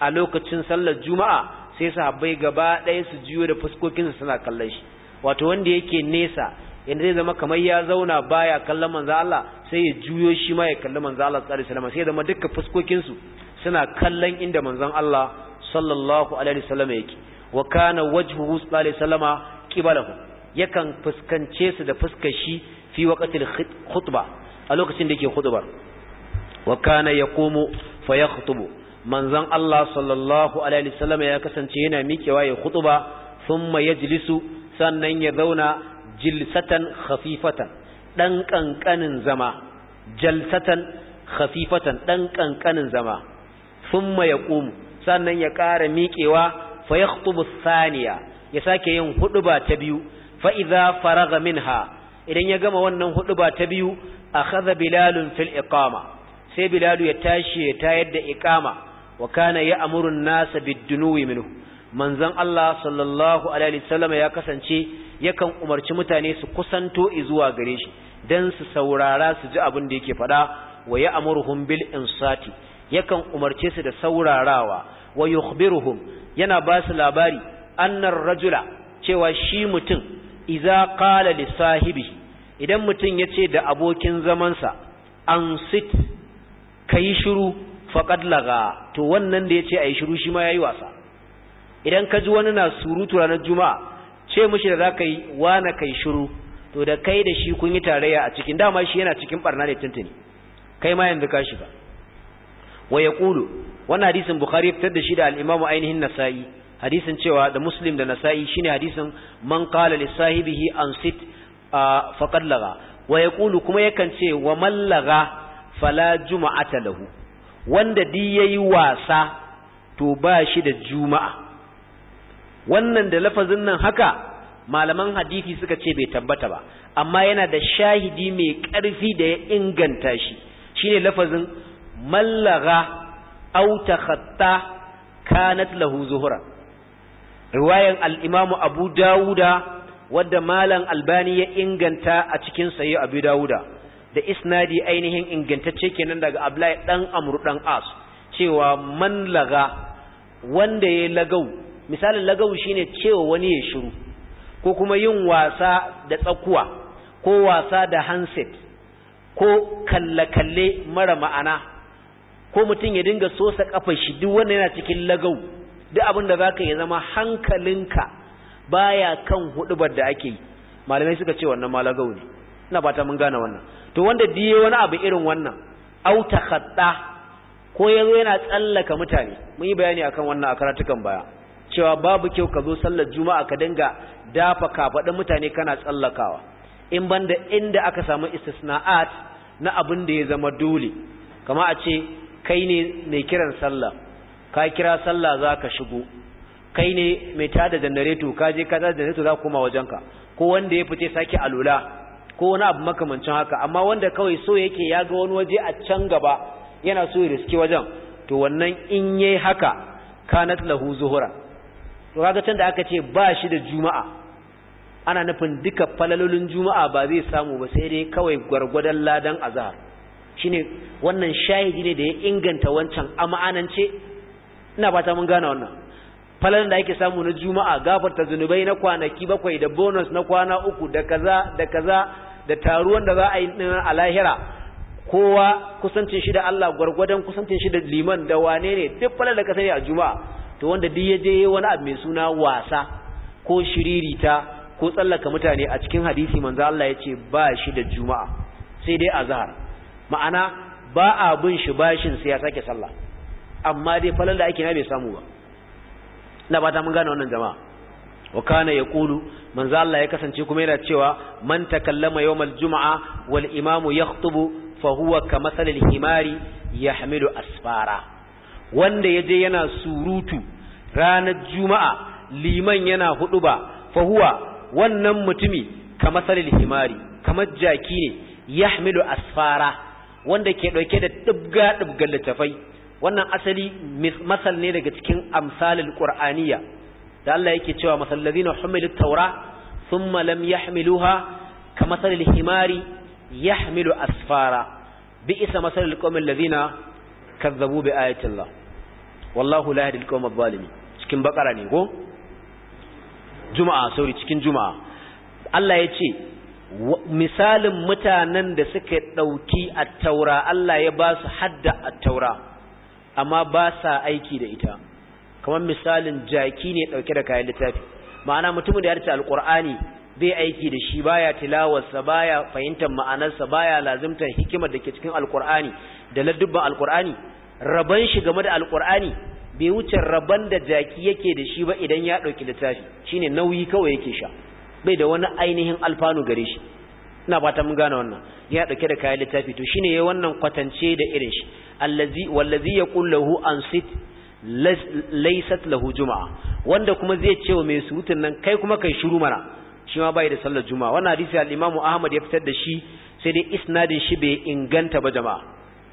Speaker 1: a lokacin sallar juma'a sai sahabbai gaba ɗaya su jiyo da fuskokinsu suna kallon shi wato wanda yake nesa yanda zai zama kamar ya zauna baya kallon manzo Allah sai ya juyo shi ma ya kalli manzo Allah sallallahu alaihi wasallam sai zama duka fuskokinsu suna kallon inda manzon Allah sallallahu alaihi wasallam yake wa kana wajhuhu sallallahu alaihi wasallama qibalahu yakan fuskance su da fuskar shi fi waqtil khutba a lokacin da yake khutbar wa kana yaqumu fa yakhutubu manzan Allah sallallahu alaihi wasallam ya kasance yana mikewa ya khutba thumma yajlisu sannan ya zauna jilsatan khafifatan dan kankanin zama jalsatan khafifatan dan kankanin zama thumma yaqumu sannan ya ƙara mikewa fa yakhtubu thaniya ya sake yin huduba ta biyu fa idza faragha idan ya gama wannan huduba ta biyu akhadha bilalun fil iqama sai bilalu ya tashi ya tayar da iqama wa kana ya'muru an-nasa bid-dunuwi minhu manzon Allah sallallahu alaihi wasallam ya kasance yakan umarci mutane su kusanto zuwa gare shi dan su saurara su ji abin da yake faɗa wa ya'muruhum bil insati yakan umarce su da saurarawa wa yukhbiruhum yana ba su labari annar rajula cewa shi mutum iza qala li sahibi idan mutum yace da abokin zamansa an sit kai shiru faqad laga to wannan da yace ayi shiru shi ma yayi wasa idan ka ji wani na surutu ranar juma'a ce mishi da zaka yi wani kai shiru to da kai da shi kun yi tarayya a cikin dama shi yana cikin barna da tuntuni kai ma yanzu ka shiga wa yaqulu wannan hadisin bukhari ya fitar da shi da al-imamu ainihin nasa'i hadisin cewa da muslim da nasa'i shine hadisin man qala li sahibihi ansit faqad laga wa yaqulu kuma yakan ce wa mallaga fala juma'ata lahu wanda di yayi wasa to ba shi da juma'a wannan da lafazin nan haka malaman hadisi suka ce bai tabbata ba amma yana da shahidi mai ƙarfi da ya inganta shi shine lafazin mallaga aw takhatta kanat lahu zuhura riwayan Al'imamu abu dawuda wadda malam albani ya inganta a cikin sayi abu dawuda da isnadi ainihin ingantacce kenan daga abdullahi dan amru dan as cewa man laga wanda ya lagau misalin lagau shine cewa wani ya shiru ko kuma yin wasa da tsakuwa ko wasa da handset ko kalle-kalle mara ma'ana ko mutum ya dinga sosa kafa shi duk wanda yana cikin lagau duk abin da zaka ya zama hankalinka baya kan hudubar da ake yi malamai suka ce wannan malagau ne ina fata mun gane wannan to wanda diye wani abu irin wannan au khatta ko yazo yana tsallaka mutane mun yi bayani akan wannan a karatukan baya cewa babu kyau ka zo sallar juma'a ka dinga dafa kafaɗin mutane kana tsallakawa in banda inda aka samu istisna'at na abin da ya zama dole kama a ce kai ne mai kiran sallah ka kira sallah za ka shigo kai ne mai tada janareto ka je ka tada janareto za ka koma wajenka ko wanda ya fice sake alula ko wani abu makamancin haka amma wanda kawai so yake ya ga wani waje a can gaba yana so ya riski wajen to wannan in yayi haka kanat lahu zuhura to kaga can da aka ce ba shi da juma'a ana nufin duka falalolin juma'a ba zai samu ba sai dai kawai gwargwadon ladan azhar shine wannan shahidi ne da ya inganta wancan anan ce. ina fata mun gane wannan falalan da ake samu na juma'a gafarta zunubai na kwanaki bakwai da bonus na kwana uku da kaza da kaza da taruwan da za a yi a lahira kowa kusancin shi da Allah gwargwadon kusancin shi da liman da wane ne duk falalan da ka sani a juma'a to wanda duk ya je wani abu mai suna wasa ko shiririta ko tsallaka mutane a cikin hadisi manzo Allah ya ce ba shi da juma'a sai dai azhar ma'ana ba a bin shi bashin sai ya sake sallah amma dai falon da ake na bai samu ba na ba ta mun gane wannan jama'a wa kana yaqulu manzo Allah ya kasance kuma yana cewa man takallama yawmal juma'a wal imamu yakhtubu fa huwa masalil himari yahmilu asfara wanda yaje yana surutu ranar juma'a liman yana huduba fa huwa wannan mutumi masalil himari kamar jaki ne yahmilu asfara wanda ke dauke da dubga dubgan tafai. wannan asali masal ne daga cikin amsalin qur'aniya da Allah yake cewa masal ladina humilut tawra thumma lam yahmiluha masal himari yahmilu asfara Bi bi'sa masalul qawmil ladina kazzabu bi ayati Allah wallahu la yahdil qawmadh zalimin cikin bakara ne ko juma'a sauri cikin juma'a Allah ya ce misalin mutanen da suka ɗauki attaura Allah ya ba su hadda attaura amma ba sa aiki da ita kamar misalin jaki ne ɗauke da kayan littafi ma'ana mutumin da ya rita alqur'ani bai aiki da shi baya tilawarsa baya fahimtar ma'anarsa baya lazimtar hikimar da ke cikin alqur'ani da ladubban alqur'ani raban shi game da alqur'ani bai wuce raban da jaki yake da shi ba idan ya dauki littafi shine nauyi kawai yake sha bai da wani ainihin alfanu gare shi ina ta mun gane wannan ya dauke da kayan littafi to shine yayin wannan kwatance da irin shi allazi wallazi yaqul lahu ansit laysat lahu juma'a wanda kuma zai ce wa mai surutun nan kai kuma kai shiru mana shi ma bai da sallar juma'a wannan hadisi al-Imam Ahmad ya fitar da shi sai dai isnadin shi bai inganta ba jama'a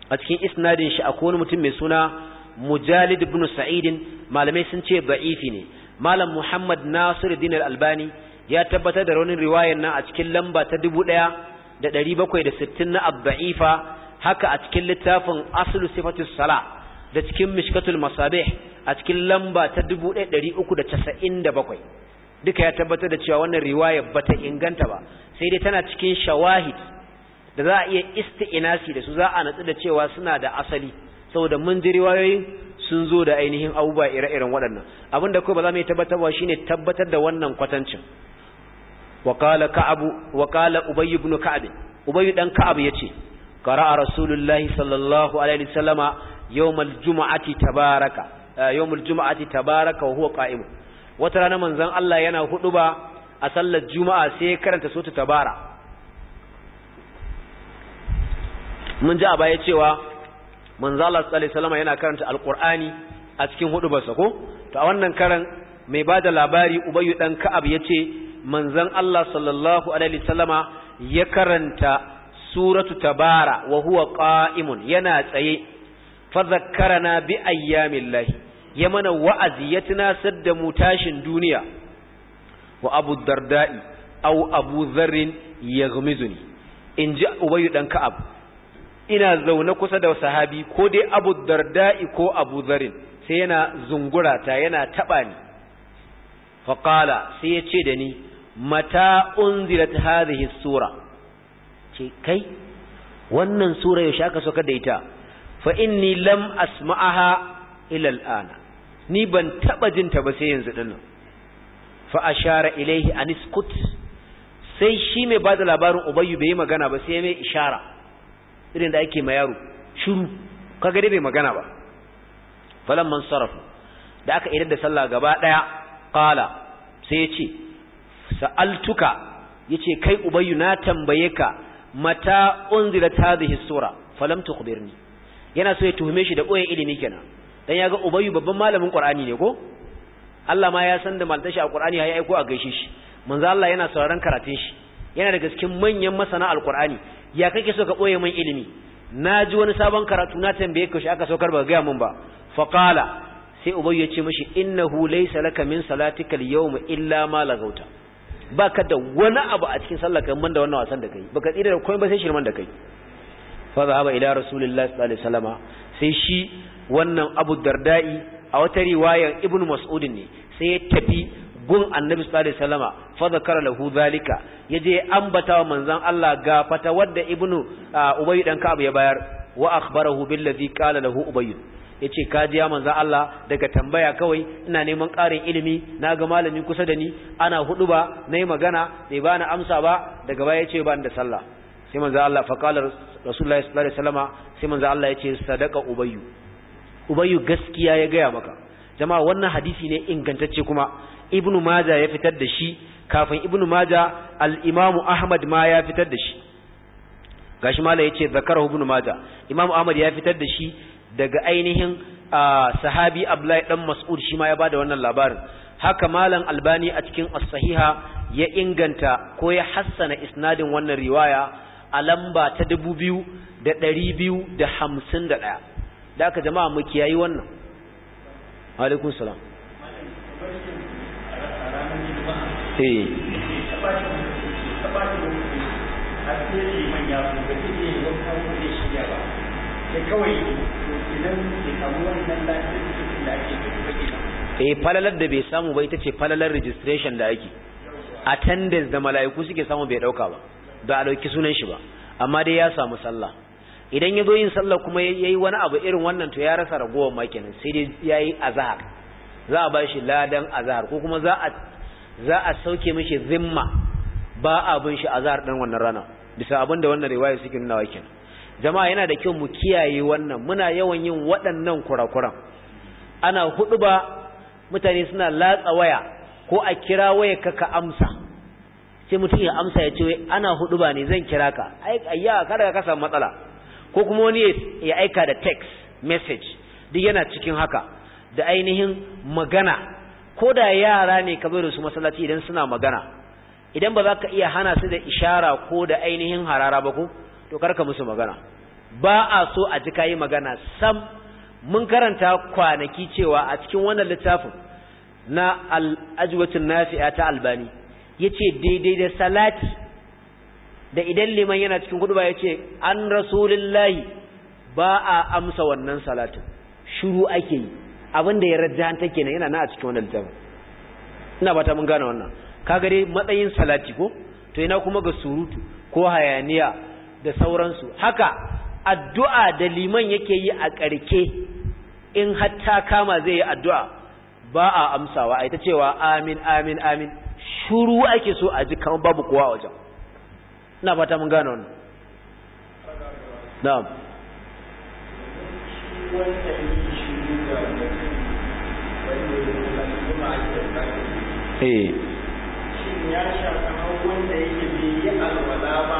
Speaker 1: a cikin isnadin shi akwai wani mutum mai suna Mujalid ibn Sa'id malamai sun ce da'ifi ne malam Muhammad Nasiruddin Al-Albani ya tabbatar da raunin riwayar nan a cikin lamba ta sittin na abba'ifa haka a cikin littafin aslu sifatus sala da cikin mishkatul masabih a cikin lamba ta 1397 duka ya tabbatar da cewa wannan riwaya bata inganta ba sai dai tana cikin shawahid da za a iya isti'nasi da su za a natsu da cewa suna da asali saboda mun ji riwayoyin sun zo da ainihin abubuwa ire-iren waɗannan abin da kawai ba za mu yi tabbatarwa shine tabbatar da wannan kwatancin وقال كعب وقال أبي بن كعب أبي بن كعب يتي قرأ رسول الله صلى الله عليه وسلم يوم الجمعة تبارك يوم الجمعة تبارك وهو قائم وترانا من زن الله ينا هدبا أصل الجمعة سيكرا تسوت تبارا من جاء بايتي manzo Allah sallallahu alaihi wasallam yana karanta alqur'ani a cikin hudubarsa ko to a wannan karan mai bada labari ubayyu dan ka'ab yace manzon Allah sallallahu alaihi wasallama ya karanta suratu tabara wa huwa qa'imun yana tsaye fa zakkarana bi ayyamillahi ya mana wa'azi ya tunasar da mu tashin duniya wa abu darda'i aw abu dharrin yaghmizuni inji ubayyu dan ka'ab ina zaune kusa da sahabi ko dai abu darda'i ko abu dharrin sai yana zungurata yana taba ni faƙala sai ya ce da ni mata unzilat hadhihi sura ce kai wannan sura yaushe aka saukar da ita fa inni lam asma'aha ila al'ana ni ban taba jin ta ba sai yanzu din nan fa ashara ilaihi an iskut sai shi mai bada labarin ubayyu bai magana ba sai mai ishara irin da ake ma yaro shiru kaga dai bai magana ba falamman sarafu da aka idar da sallah gaba daya qala sai yace sa'altuka yace kai ubayyu na tambaye ka mata ta hadhihi hisura. falam tukhbirni yana so ya tuhume shi da boye ilimi kenan dan yaga ubayyu babban malamin qur'ani ne ko Allah ma ya san da malta shi a qur'ani ya aiko a gaishe shi manzo Allah yana sauraron karatun shi yana da cikin manyan masana alqur'ani ya kake so ka boye min ilimi naji wani sabon karatu na tambaye ka shi aka saukar ba ga mun ba faqala sai ubayyu ya ce mishi innahu laysa laka min salatikal yawm illa ma lagauta baka da wani abu a cikin sallarka man da wannan wasan da kai baka tsira da komai ba sai shirman da kai fa zahaba ila rasulillahi sallallahu alaihi wasallama sai shi wannan abu dardai a wata riwayar ibnu mas'ud ne sai ya tafi gun annabi sallallahu alaihi wasallama fa zakara lahu zalika yaje ambata wa manzon Allah ga fata wadda ibnu uh, ubayyu dan ka'ab ya bayar wa akhbarahu billazi qala lahu ubayyu yace ka ji ya manzo Allah daga tambaya kawai ina neman ƙarin ilimi na ga malami kusa da ni ana hudu ba na yi magana bai bani amsa ba daga baya ce ba da sallah sai manzan Allah faƙalar qala rasulullahi sallallahu alaihi sai manzan Allah ya ce sadaka ubayyu ubayyu gaskiya ya gaya maka jama'a wannan hadisi ne ingantacce kuma ibnu maja ya fitar da shi kafin ibnu maja al-imamu ahmad ma ya fitar da shi gashi mala yace zakarahu ibnu maja imamu ahmad ya fitar da shi daga ainihin sahabi Abdullahi dan Mas'ud shi ma ya bada wannan labarin haka malam Albani a cikin as-sahiha ya inganta ko ya hassana isnadin wannan riwaya a lamba ta 2251 da jama'a mu kiyayi wannan alaikum salam eh eh falalar da bai samu ba ita ce falalar registration da ake attendance da mala'iku suke samu bai dauka ba ba a dauki sunan shi ba amma dai ya samu sallah idan ya zo yin sallah kuma yayi wani abu irin wannan to ya rasa ragowar makinin sai dai yayi azhar za a bashi ladan azahar ko kuma za a za a sauke mishi zimma ba abin shi azahar ɗin wannan rana bisa abin da wannan riwaya suke nuna wa kenan jama'a yana da kyau mu kiyaye wannan muna yawan yin waɗannan kurakuran ana hudu ba mutane suna latsa waya ko a kira waya ka ka amsa sai mutum ya amsa ya ce wai ana hudu ba ne zan kira ka ayya kada ka samu matsala ko kuma wani ya aika da text message duk yana cikin haka da ainihin magana ko da yara ne ka bai da su masallaci idan suna magana idan ba za ka iya hana su da ishara ko da ainihin harara ba ko to karka musu magana ba a so a ji kayi magana sam mun karanta kwanaki cewa a cikin wannan littafin na al'ajwatun nafi'a ta albani yace daidai da salati da idan liman yana cikin kudu ba yace an rasulullahi ba a amsa wannan salatin shiru ake yi abinda ya rajja take kenan yana na a cikin wannan littafin ina ba mun gane wannan kaga dai matsayin salati ko to ina kuma ga surutu ko hayaniya da sauransu haka addu'a da liman yake yi a ƙarke in hatta kama zai yi addu'a ba a amsawa a ita cewa amin amin amin shuru ake so a ji kamar babu kowa a wajen ina fata mun gano wannan na'am
Speaker 2: eh ya kamar wanda yake bi alwala ba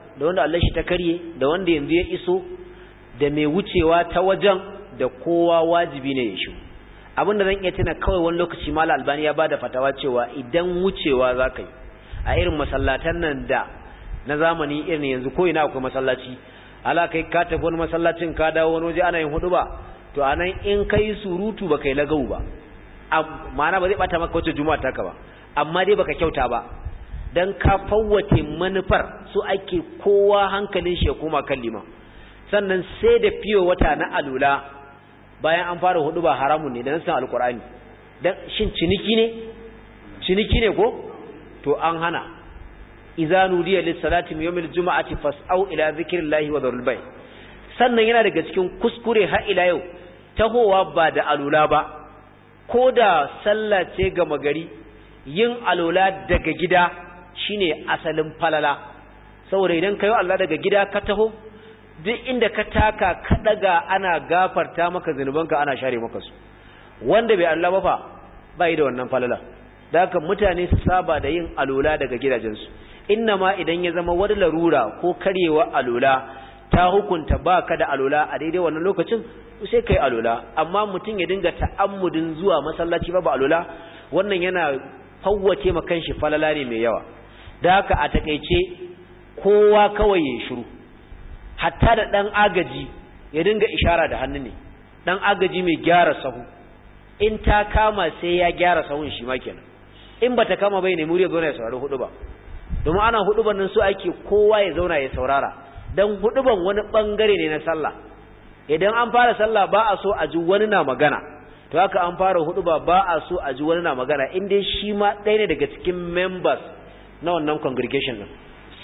Speaker 1: da wanda Allah shi ta karye da wanda yanzu ya iso da mai wucewa ta wajen da kowa wajibi ne ya shi abin da zan iya tuna kawai wani lokaci mala albani ya bada fatawa cewa idan wucewa za ka yi a irin masallatan nan da na zamani irin yanzu ko ina akwai masallaci ala kai ka tafi wani masallacin ka dawo wani waje ana yin hudu ba to anan in kai surutu ba kai lagau ba ma'ana ba zai bata maka wacce juma'a taka ba amma dai baka kyauta ba dan ka fawwace manufar so ake kowa hankalin shi ya koma kan liman sannan sai da fiye wata na alula bayan an fara hudu ba haramun ne da nasan alkur'ani dan shin ciniki ne ciniki ne ko to an hana idza nudiya lis salati yawmil jumu'ati fas'au ila zikrillahi wa dharul bay sannan yana daga cikin kuskure har ila yau tahowa ba da alula ba ko da sallah ce gama gari yin alula daga gida shine asalin falala saboda idan kayo Allah daga gida ka taho duk inda ka taka ka daga ana gafarta maka zinubanka ana share maka su wanda bai Allah ba fa bai da wannan falala da haka mutane su saba da yin alula daga gidajensu ma idan ya zama wani larura ko karyewa alula ta hukunta baka da alula a daidai wannan lokacin sai kai alula amma mutum ya dinga ta'ammudin zuwa masallaci ba ba alula wannan yana fawwace ma kanshi falala ne mai yawa da haka a takeice kowa kawai ya shiru hatta da ɗan agaji ya dinga ishara da hannu ne ɗan agaji mai gyara sahu in ta kama sai ya gyara sahun shi ma kenan in bata kama bai ne murya zauna ya saurari hudu ba domin ana hudu nan su ake kowa ya zauna ya saurara dan hudu wani bangare ne na sallah idan an fara sallah ba a so a ji wani na magana to haka an fara hudu ba ba a so a ji wani na magana in dai shi ma ɗaya ne daga cikin members na wannan congregation din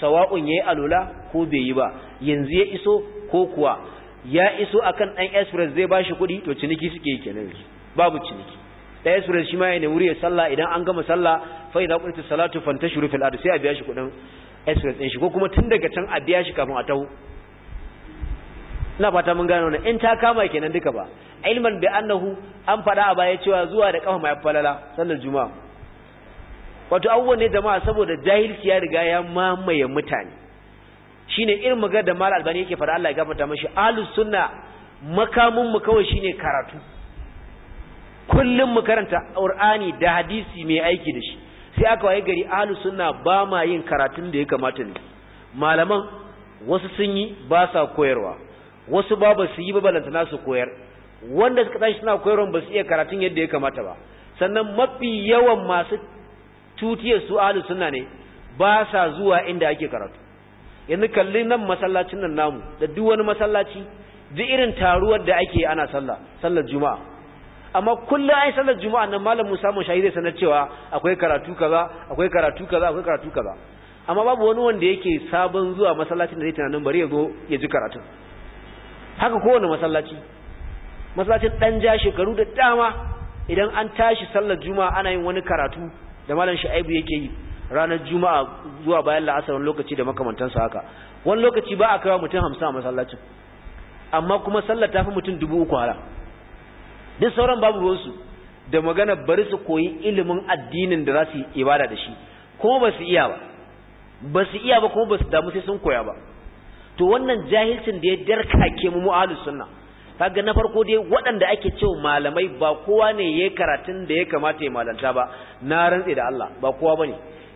Speaker 1: sawa'un yayi alula ko bai yi ba yanzu ya iso ko kuwa ya iso akan dan express zai bashi kuɗi to ciniki suke yi kenan babu ciniki da express shi ma ya nemi ya sallah idan an gama sallah fa idza qultu salatu fantashiru fil ardi sai a biya shi kuɗin express din shi ko kuma tun daga can a biya shi kafin a taho ina fata mun gane wannan in ta kama kenan duka ba ilman bi annahu an fada a baya cewa zuwa da kafa mai falala sallar juma'a wato abubuwan ne jama'a saboda jahilci ya riga ya mamaye mutane shine irin magana da mal albani yake fara Allah ya gafarta mashi ahlus sunna makamin mu kawai shine karatu kullum mu karanta qur'ani da hadisi mai aiki da shi sai aka waye gari alu sunna ba ma yin karatun da ya kamata ne malaman wasu sun yi ba sa koyarwa wasu ba ba su yi ba balanta su koyar wanda suka tashi suna koyarwa ba su iya karatun yadda ya kamata ba sannan mafi yawan masu tutiyar su ahlus sunna ne ba sa zuwa inda ake karatu yanzu kalli nan masallacin nan namu da duk wani masallaci duk irin taruwar da ake ana sallah sallar juma'a amma kullum ai sallar juma'a nan malam Musa mu shahide sanar cewa akwai karatu kaza akwai karatu kaza akwai karatu kaza amma babu wani wanda yake sabon zuwa masallacin da zai tunanin bari ya zo ya ji karatu haka kowane masallaci masallacin dan ja shekaru da dama idan an tashi sallar juma'a ana yin wani karatu da malam shu'aibu yake yi ranar juma'a zuwa bayan la'asar wani lokaci da makamantansa haka wani lokaci ba a kawo mutum hamsin a masallacin amma kuma sallar ta fi mutum dubu uku hala duk sauran babu ruwansu da magana bari su koyi ilimin addinin da za su yi ibada da shi kuma ba su iya ba ba su iya ba kuma ba su damu sai sun koya ba to wannan jahilcin da ya ke mu mu'alus sunna kaga na farko dai waɗanda ake cewa malamai ba kowa ne ya karatun da ya kamata ya malanta ba na rantse da Allah ba kowa bane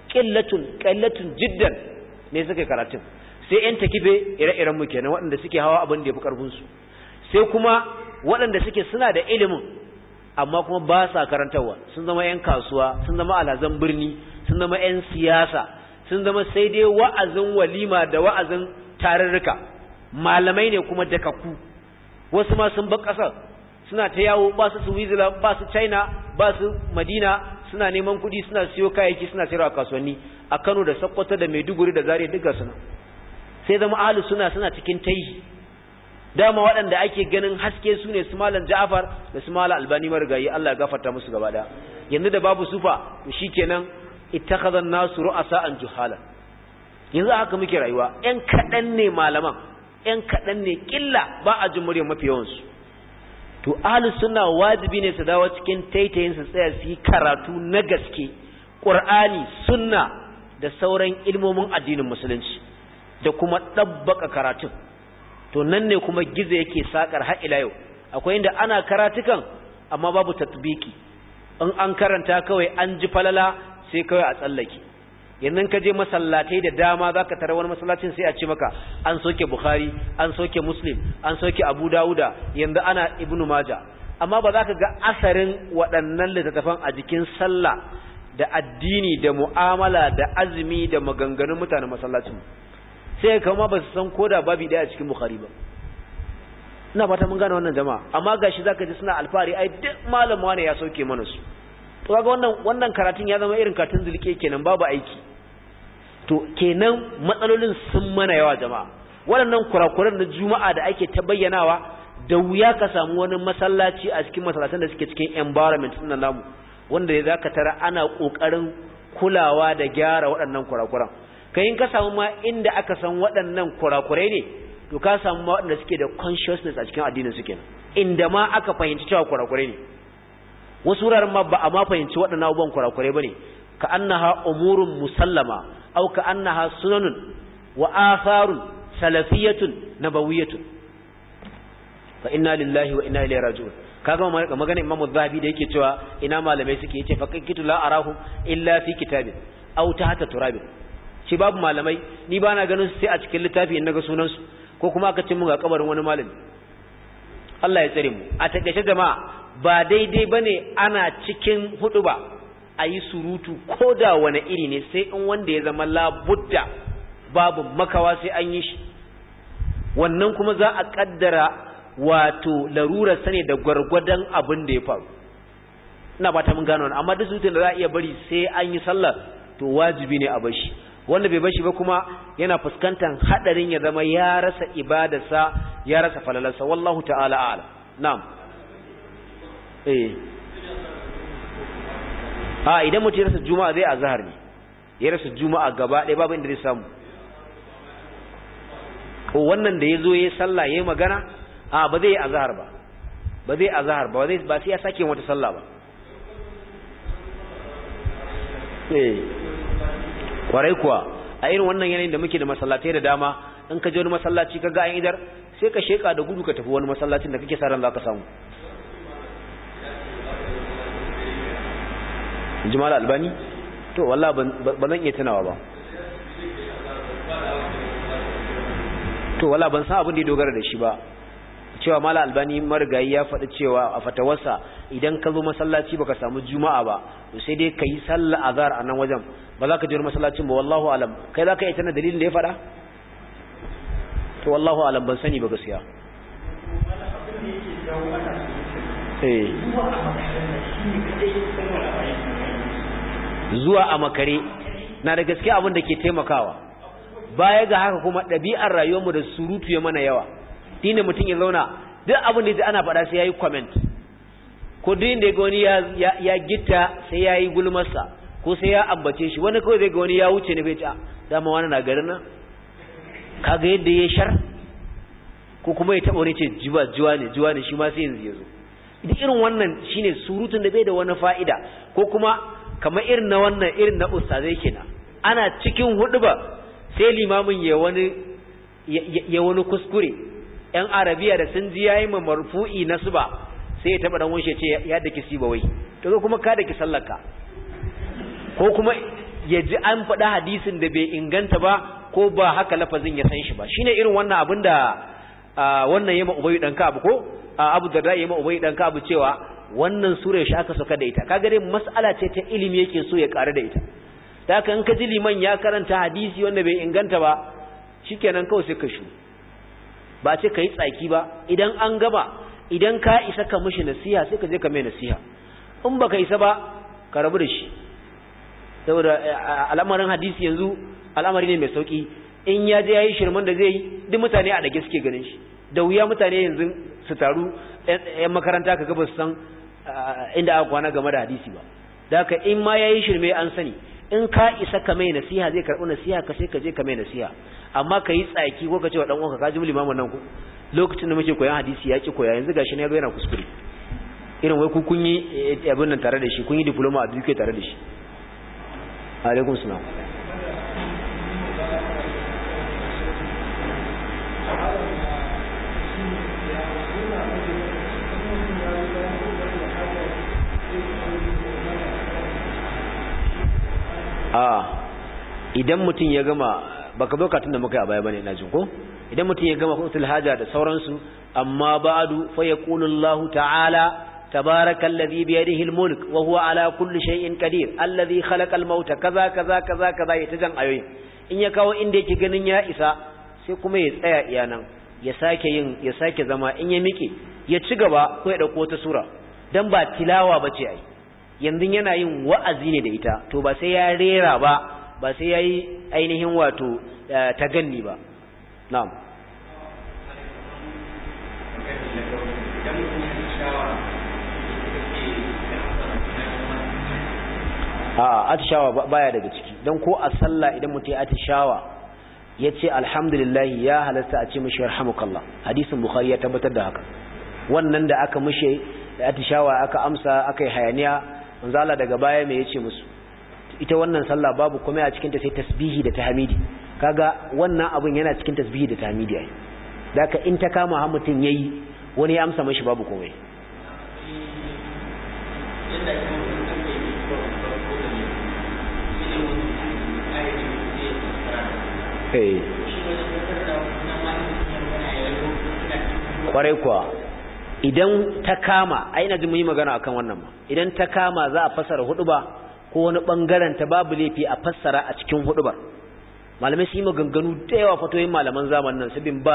Speaker 1: qillatun qallatun jiddan ne suka karatun sai yan takibe ire-iren mu kenan waɗanda suke hawa abin da ya fi ƙarfinsu. sai kuma waɗanda suke suna da ilimin amma kuma ba sa karantarwa sun zama yan kasuwa sun zama alhazan birni sun zama yan siyasa sun zama sai dai wa'azin walima da wa'azin tarurruka malamai ne kuma dakaku. wasu ma sun bar ƙasar suna ta yawo ba su suwizila ba su China ba su Madina suna neman kuɗi suna siyo kayayyaki suna sayarwa kasuwanni a Kano da Sokoto da Maiduguri da Zaria duka suna sai zama ahlus suna suna cikin ta'i dama waɗanda ake ganin haske su ne su malam Ja'far da su malam Albani marigayi Allah ya gafarta musu gaba da yanzu da babu sufa to shikenan ittakhadha an-nasu an juhala yanzu haka muke rayuwa ƴan kaɗan ne malaman 'yan kaɗan ne ƙilla ba a jin muryar mafi yawansu to ahli suna wajibi ne su dawo cikin taitayin su tsaya su yi karatu na gaske ƙur'ani suna da sauran ilmomin addinin musulunci da kuma ɗabbaka karatun to nan ne kuma gizo yake saƙar har ila yau akwai inda ana karatukan amma babu tatbiki in an karanta kawai an ji falala sai kawai a tsallake yannan ka je masallatai da dama za ka tara wani masallacin sai a ce maka an soke bukhari an soke muslim an soke abu Dawuda yanzu ana ibnu maja amma ba za ka ga asarin waɗannan littattafan a jikin sallah da addini da mu'amala da azumi da maganganun mutanen masallacin sai kama ba su san koda babi ɗaya a cikin bukhari ba ina fata mun gane wannan jama'a amma gashi za ka ji suna alfahari ai duk malam wane ya sauke mana su to kaga wannan wannan karatun ya zama irin katun zulke kenan babu aiki to kenan matsalolin sun mana yawa jama'a waɗannan kurakuran na juma'a da ake ta bayyanawa da wuya ka samu wani masallaci a cikin masallatan da suke cikin environment ɗin namu wanda ya zaka tara ana ƙoƙarin kulawa da gyara waɗannan kurakuran kai in ka samu ma inda aka san waɗannan kurakurai ne to ka samu ma waɗanda suke da consciousness a cikin addinin suke, inda ma aka fahimci cewa kurakurai ne wasu wuraren ma ba a ma fahimci waɗannan abubuwan kurakurai bane ka annaha umurun musallama aw ka annaha sunanun wa atharun salafiyatun nabawiyatun fa inna lillahi wa inna raji'un kaga magana imamu zahabi da yake cewa ina malamai suke yace fa kitu la arahu illa fi kitabin aw tahta turabin shi babu malamai ni ba na ganin su sai a cikin littafi in naga sunan su ko kuma aka ce mun ga kabarin wani malami Allah ya tsare mu a takaice jama'a ba daidai bane ana cikin hudu ba a yi surutu ko da wani iri ne sai in wanda ya zama labudda babu makawa sai an yi shi wannan kuma za a kaddara wato larura sane da gwargwadon abin da ya faru ina ba ta mun gano amma duk surutun da za a iya bari sai an yi sallar, to wajibi ne a bashi wanda bai bashi ba kuma yana fuskantar hadarin ya zama ya rasa ibadarsa ya rasa falalarsa wallahu ta'ala a'lam na'am eh a idan mutum ya rasa juma'a zai zahar ne ya rasa juma'a gaba ɗaya babu inda zai samu ko wannan da yazo yayi sallah yayi magana a ba zai a zahar ba ba zai a zahar ba zai ba sai ya sake wata sallah ba eh kwarai kuwa a irin wannan yanayin da muke da masallatai da dama in ka je wani masallaci ka ga an idar sai ka sheka da gudu ka tafi wani masallacin da kake sa ran za ka samu jimala albani to walla ba zan iya tunawa ba to walla ban san abin da ya dogara da shi ba cewa mala albani marigayi ya faɗi cewa a fatawarsa idan ka zo masallaci baka samu juma'a ba to sai dai ka yi sallah azhar a nan wajen ba za ka je masallacin ba wallahu alam kai za ka yi tana dalilin da ya faɗa to wallahu alam ban sani ba gaskiya eh zuwa a makare na da gaske abin da ke taimakawa baya ga haka kuma ɗabi'ar mu da surutu ya mana yawa dinin mutum ya zauna duk abin da ana faɗa sai ya yi comment ko duk da ga wani ya gita sai ya yi gulmarsa ko sai ya ambace shi wani kawai zai ga wani ya wuce ne bai ci ah, dama wani na garin nan yadda ya shar ko kuma ya taɓa wani ce jiwa ne shi ma yanzu ya zo duk irin wannan shine surutun da bai da wani fa'ida ko kuma kamar irin na wannan irin na ustazai kenan ana cikin ba sai limamin ya wani ya wani kuskure yan arabiya da sun ji yayi ma marfu'i nasba sai ya taba dan wunshe ce ya daki sibawai to kuma ka daki sallaka ko kuma ya ji an faɗa hadisin da bai inganta ba ko ba haka lafazin ya san shi ba shine irin wannan abin da wannan yema ubayi dan ka abu ko abu da da yema ubayi dan ka abu cewa wannan sura ya aka sauka da ita kaga dai mas'ala ce ta ilimi yake so ya karu da ita da haka in ka ji liman ya karanta hadisi wanda bai inganta ba shikenan kawai sai ka shu ba ce kai tsaki ba idan an gaba idan ka isa ka mishi nasiha sai ka je ka mai nasiha in baka isa ba ka rabu da shi saboda eh, al'amarin hadisi yanzu al'amari ne mai sauki in ya je yayi shirman da zai yi duk mutane a dage suke ganin shi da wuya mutane yanzu su taru eh, eh, 'yan makaranta ka gaba su san inda aka kwana game da hadisi ba da haka in ma yayi shirme an sani in ka isa ka mai nasiha zai karɓi nasiha ka sai ka je ka mai nasiha amma ka yi tsaki ko ka ce wa dan uwanka ka ji limamin nan ku lokacin da muke koyan hadisi ya ki koya yanzu gashi ne yana kuskure irin wai ku kun yi abin nan tare da shi kun yi diploma a duke tare da shi alaikum salam a idan mutum ya gama baka zo katun da muka yi a baya bane ne na idan mutum ya gama kutul haja da sauransu amma ba'adu fa ta'ala tabarakan ladhi bi yadihi al wa huwa ala kulli shay'in qadir alladhi khalaqa al-mauta kaza kaza kaza kaza ya tajan ayoyi in ya kawo inda yake ganin ya isa sai kuma ya tsaya iyanan nan ya sake yin ya sake zama in ya miƙe ya ci gaba ko ya dauko ta sura dan ba tilawa bace ai yanzu yana yin wa'azi ne da ita to ba sai ya rera ba ba sai ya yi ainihin wato eh, ta ganni ba na'am a atishawa baya daga ciki don ko a sallah idan mutu ya atishawa ya ce alhamdulillahi ya halasta a ce mashi rahamukallah hadisun bukhari ya tabbatar da haka wannan da aka mushe da atishawa aka amsa aka yi hayaniya manzo Allah daga baya me yace musu ita wannan sallah babu komai a cikin ta sai tasbihi da tahmidi kaga wannan abun yana cikin tasbihi da tahmidi ai daka in ta kama har mutun yayi wani ya amsa mashi babu komai eh. kwarai kuwa idan ta kama a ina muyi magana akan wannan ma idan ta kama za a fassara huduba ko wani bangaren ta babu laifi a fassara a cikin hudubar malamai su yi maganganu da yawa fatoyin malaman zamanin nan su bin ba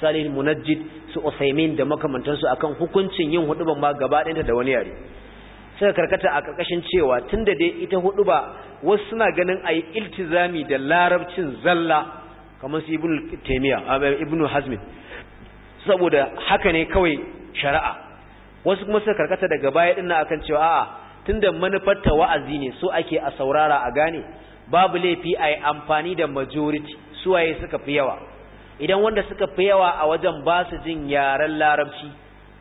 Speaker 1: salih munajjid su usaimin da makamantansu akan hukuncin yin huduban ma gaba ɗayanta da wani yare suka karkata a karkashin cewa tun da dai ita huduba wasu suna ganin ayi iltizami da larabcin zalla kamar su ibnu taymiya ibnu saboda haka ne kawai shari'a wasu kuma suka karkata daga baya dinna akan cewa a'a tunda manufar ta wa'azi ne so ake a saurara a gane babu laifi a yi amfani da majority suwaye suka fi yawa idan wanda suka fi yawa a wajen ba su jin yaren larabci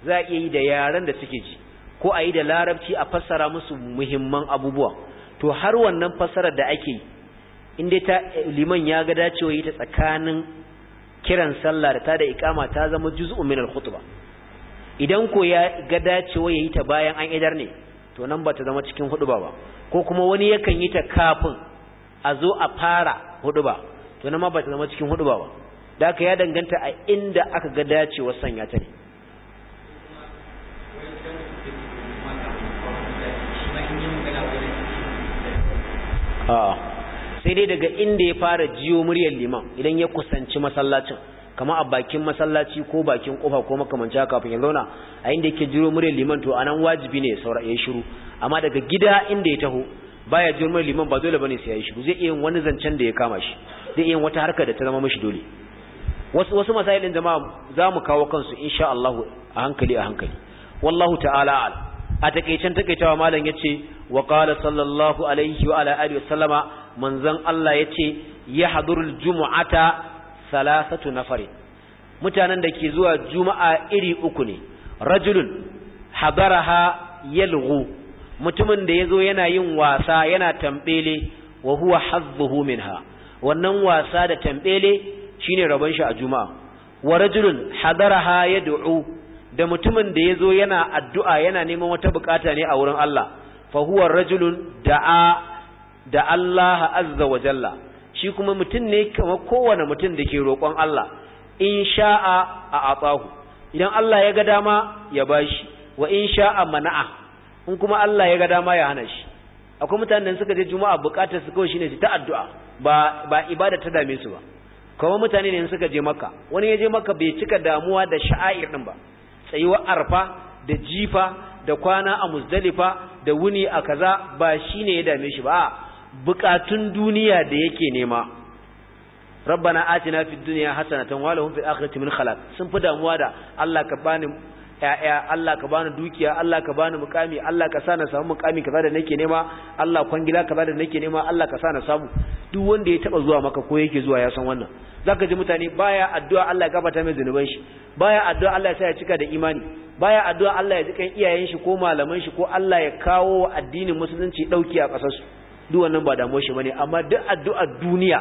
Speaker 1: za a iya yi da yaren da suke ji ko a yi da larabci a fassara musu muhimman abubuwa to har wannan fassarar da ake yi in dai ta liman ya ga dacewa yi ta tsakanin kiran sallah da ta da ikama ta zama juz'u min al-khutbah idan ko ya ga dacewa yayi ta bayan an idar ne to nan ba ta zama cikin huduba ba ko kuma wani yakan yi ta kafin a zo a fara huduba to nan ma ba ta zama cikin huduba ba da ka ya danganta a inda aka ga dacewa sanya ta ne sai dai daga inda ya fara jiyo muryar liman idan ya kusanci masallacin kama a bakin masallaci ko bakin kofa ko makamanci haka kafin ya zauna a inda yake jiro muryar liman to anan wajibi ne saura ya shiru amma daga gida inda ya taho baya jiro muryar liman ba dole bane sai ya shiru zai iya wani zancen da ya kama shi zai iya wata harka da ta zama mishi dole wasu wasu masailin jama'a za mu kawo kansu insha Allah a hankali a hankali wallahu ta'ala al a takeicen takeitawa malam yace wa qala sallallahu alaihi wa ala alihi sallama manzon Allah yace yahdurul jumu'ata salasatu nafari mutanen da ke zuwa juma'a iri uku ne rajulun habaraha yalghu mutumin da yazo yana yin wasa yana tambele wa huwa hazzuhu minha wannan wasa da tambele shine rabon shi a juma'a wa rajulun hadaraha yad'u da mutumin da yazo yana addu'a yana neman wata bukata ne a wurin Allah fa huwa rajulun da'a da Allah azza wa jalla shi kuma mutum ne kamar kowane mutum da ke roƙon Allah in sha'a a atsahu idan Allah ya ga dama ya bashi wa in sha'a mana'a in kuma Allah ya ga dama ya hana shi akwai mutanen da suka je juma'a buƙatar su kawai shine ta addu'a ba ba ibada ta dame su ba kuma mutane ne suka je maka wani ya je maka bai cika damuwa da sha'air din ba tsayuwa arfa da jifa da kwana a muzdalifa da wuni a kaza ba shine ya dame shi ba bukatun duniya da yake nema rabbana atina fid dunya hasanatan wa lahum fil akhirati min khalaq sun fi damuwa da Allah ka bani ya'ya Allah ka bani dukiya Allah ka bani mukami Allah ka sa na samu mukami kaza da nake nema Allah kwangila kaza da nake nema Allah ka sa na samu duk wanda ya taba zuwa maka ko yake zuwa ya san wannan zaka ji mutane baya addu'a Allah ya gafarta mai zunuban shi baya addu'a Allah ya sa ya cika da imani baya addu'a Allah ya jikan iyayen shi ko malaman shi ko Allah ya kawo addinin musulunci dauki a kasar su duk wannan ba damuwar shi bane amma duk addu'a duniya